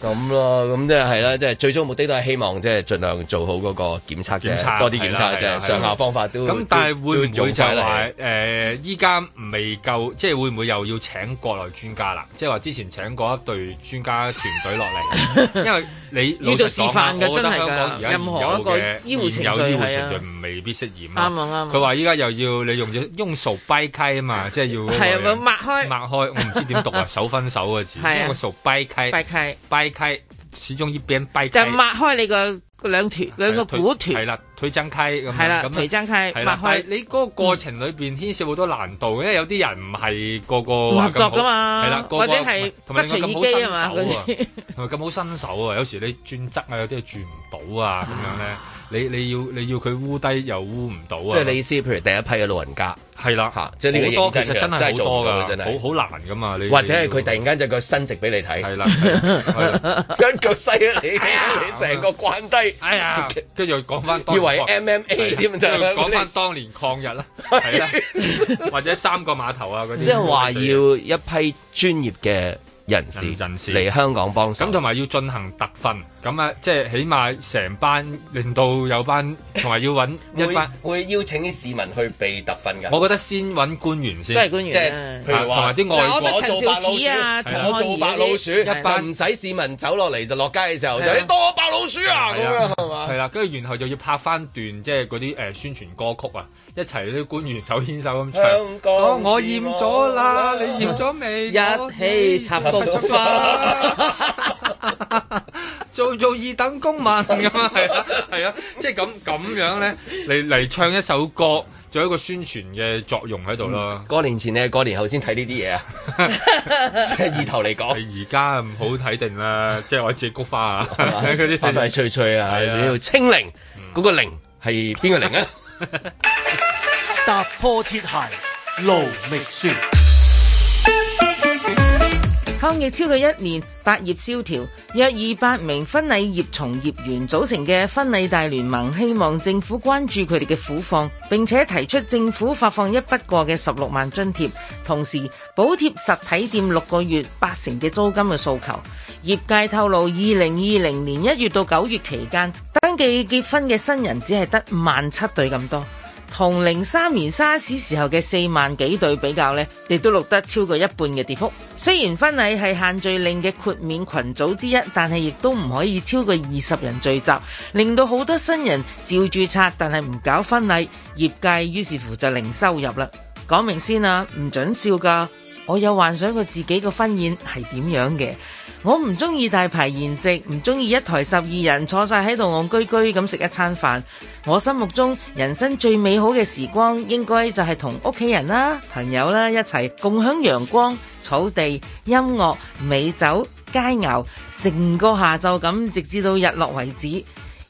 咁咯，咁即係係啦，即係最終目的都係希望即係盡量做好嗰個檢測，檢測多啲檢測即係上下方法都咁，但係會唔會就係話誒，依家未夠，即係會唔會又要請國內專家啦？即係話之前請過一隊專家團隊落嚟，因為你要做示範㗎，真係嘅。任何一個醫護程序，唔未必適宜。啱啊啱。佢話依家又要你用咗，用俗拜契啊嘛，即係要係啊，抹開抹開，我唔知點讀啊，手分手嘅字，個俗拜契拜契拜。始終一邊閉就擘開你個個兩團，兩個股團。推真溪咁啊，推真溪，但係你嗰個過程裏邊牽涉好多難度，因為有啲人唔係個個合作噶嘛，係啦，或者係不除耳機啊嘛，嗰啲同埋咁好伸手啊，有時你轉側啊，有啲轉唔到啊，咁樣咧，你你要你要佢污低又污唔到啊。即係你意思，譬如第一批嘅老人家係啦，嚇，即係呢個認真嘅真係好多㗎，真係好好難噶嘛。或者係佢突然間就個伸直俾你睇，係啦，跟腳犀利，你成個關低，哎呀，跟住講翻要。MMA 添就係講翻當年抗日啦，係啦，或者三個碼頭啊啲 *laughs* 些即係話要一批專業嘅人事陣事嚟香港幫手，咁同埋要進行特訓，咁啊，即係起碼成班，令到有班同埋要搵一班，會邀請啲市民去被特訓㗎。我覺得先搵官員先，都係官員。即係譬如話，同埋啲外國做白老鼠啊，我做白老鼠，一班唔使市民走落嚟就落街嘅時候就啲多白老鼠啊咁樣係嘛？係啦，跟住然後就要拍翻段即係嗰啲誒宣傳歌曲啊。一齊啲官員手牽手咁唱，哦、我厭咗啦！啊、你厭咗未？一起插菊花，啊、做做二等公民。咁 *laughs* 啊！係啊，係啊，即係咁咁樣咧，嚟嚟唱一首歌，做一個宣傳嘅作用喺度咯。過、嗯、年前咧，過年後先睇呢啲嘢啊！即係意頭嚟講，而家唔好睇定啦，即、就、係、是、我折菊花啊，花花翠翠啊，仲要、啊、清零，嗰、嗯、個零係邊個零啊？ *laughs* 踏破鐵鞋路未熟，抗疫超過一年，百業蕭條，約二百名婚禮業從業員組成嘅婚禮大聯盟，希望政府關注佢哋嘅苦況，並且提出政府發放一筆過嘅十六萬津貼，同時補貼實體店六個月八成嘅租金嘅訴求。業界透露，二零二零年一月到九月期間，登記結婚嘅新人只係得萬七對咁多。同零三年沙士時候嘅四萬幾對比較呢，亦都錄得超過一半嘅跌幅。雖然婚禮係限聚令嘅豁免群組之一，但係亦都唔可以超過二十人聚集，令到好多新人照註冊，但係唔搞婚禮。業界於是乎就零收入啦。講明先啦，唔准笑噶，我有幻想過自己個婚宴係點樣嘅。我唔中意大排筵席，唔中意一台十二人坐晒喺度憨居居咁食一餐飯。我心目中人生最美好嘅時光，應該就係同屋企人啦、朋友啦一齊共享陽光、草地、音樂、美酒、佳餚，成個下晝咁，直至到日落為止。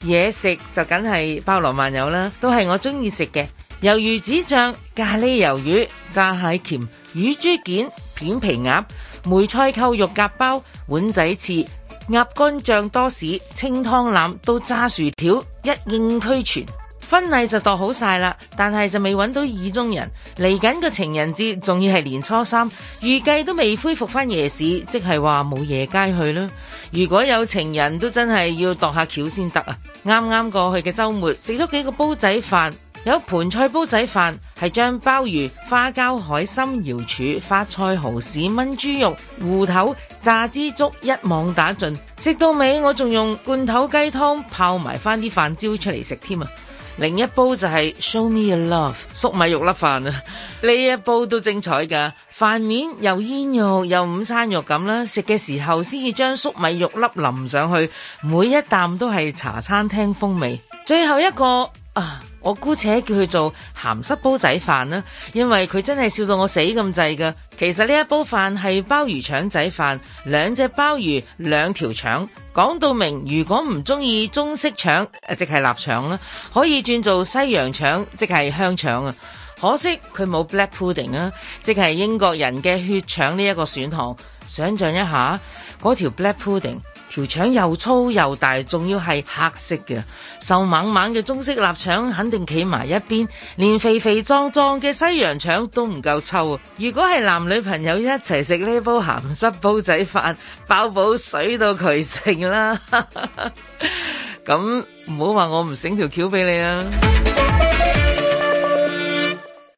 嘢食就梗係包羅萬有啦，都係我中意食嘅，有魚子醬、咖喱魷魚、炸蟹鉗、乳豬件、片皮鴨。梅菜扣肉夾包、碗仔翅、鴨肝醬多士、清湯腩都炸薯條一應俱全。婚禮就度好晒啦，但係就未揾到意中人。嚟緊個情人節，仲要係年初三，預計都未恢復返夜市，即係話冇夜街去啦。如果有情人都真係要度下橋先得啊！啱啱過去嘅周末食咗幾個煲仔飯。有盆菜煲仔飯，係將鮑魚、花膠、海參、瑤柱、髮菜、蠔豉燜豬肉、芋頭、炸枝竹一網打盡。食到尾，我仲用罐頭雞湯泡埋翻啲飯焦出嚟食添啊！另一煲就係 Show Me Your Love 粟米肉粒飯啊！呢 *laughs* 一煲都精彩噶，飯面又煙肉又午餐肉咁啦。食嘅時候先至將粟米肉粒淋上去，每一啖都係茶餐廳風味。最後一個啊！我姑且叫佢做鹹濕煲仔飯啦，因為佢真係笑到我死咁滯噶。其實呢一煲飯係鮑魚腸仔飯，兩隻鮑魚兩條腸，講到明。如果唔中意中式腸，即係臘腸啦，可以轉做西洋腸，即係香腸啊。可惜佢冇 black pudding 啊，即係英國人嘅血腸呢一個選項。想象一下嗰條 black pudding。條腸又粗又大，仲要係黑色嘅，瘦猛猛嘅中式臘腸肯定企埋一邊，連肥肥壯壯嘅西洋腸都唔夠臭。如果係男女朋友一齊食呢煲鹹濕煲仔飯，包保水到渠成啦。咁唔好話我唔醒條橋俾你啊！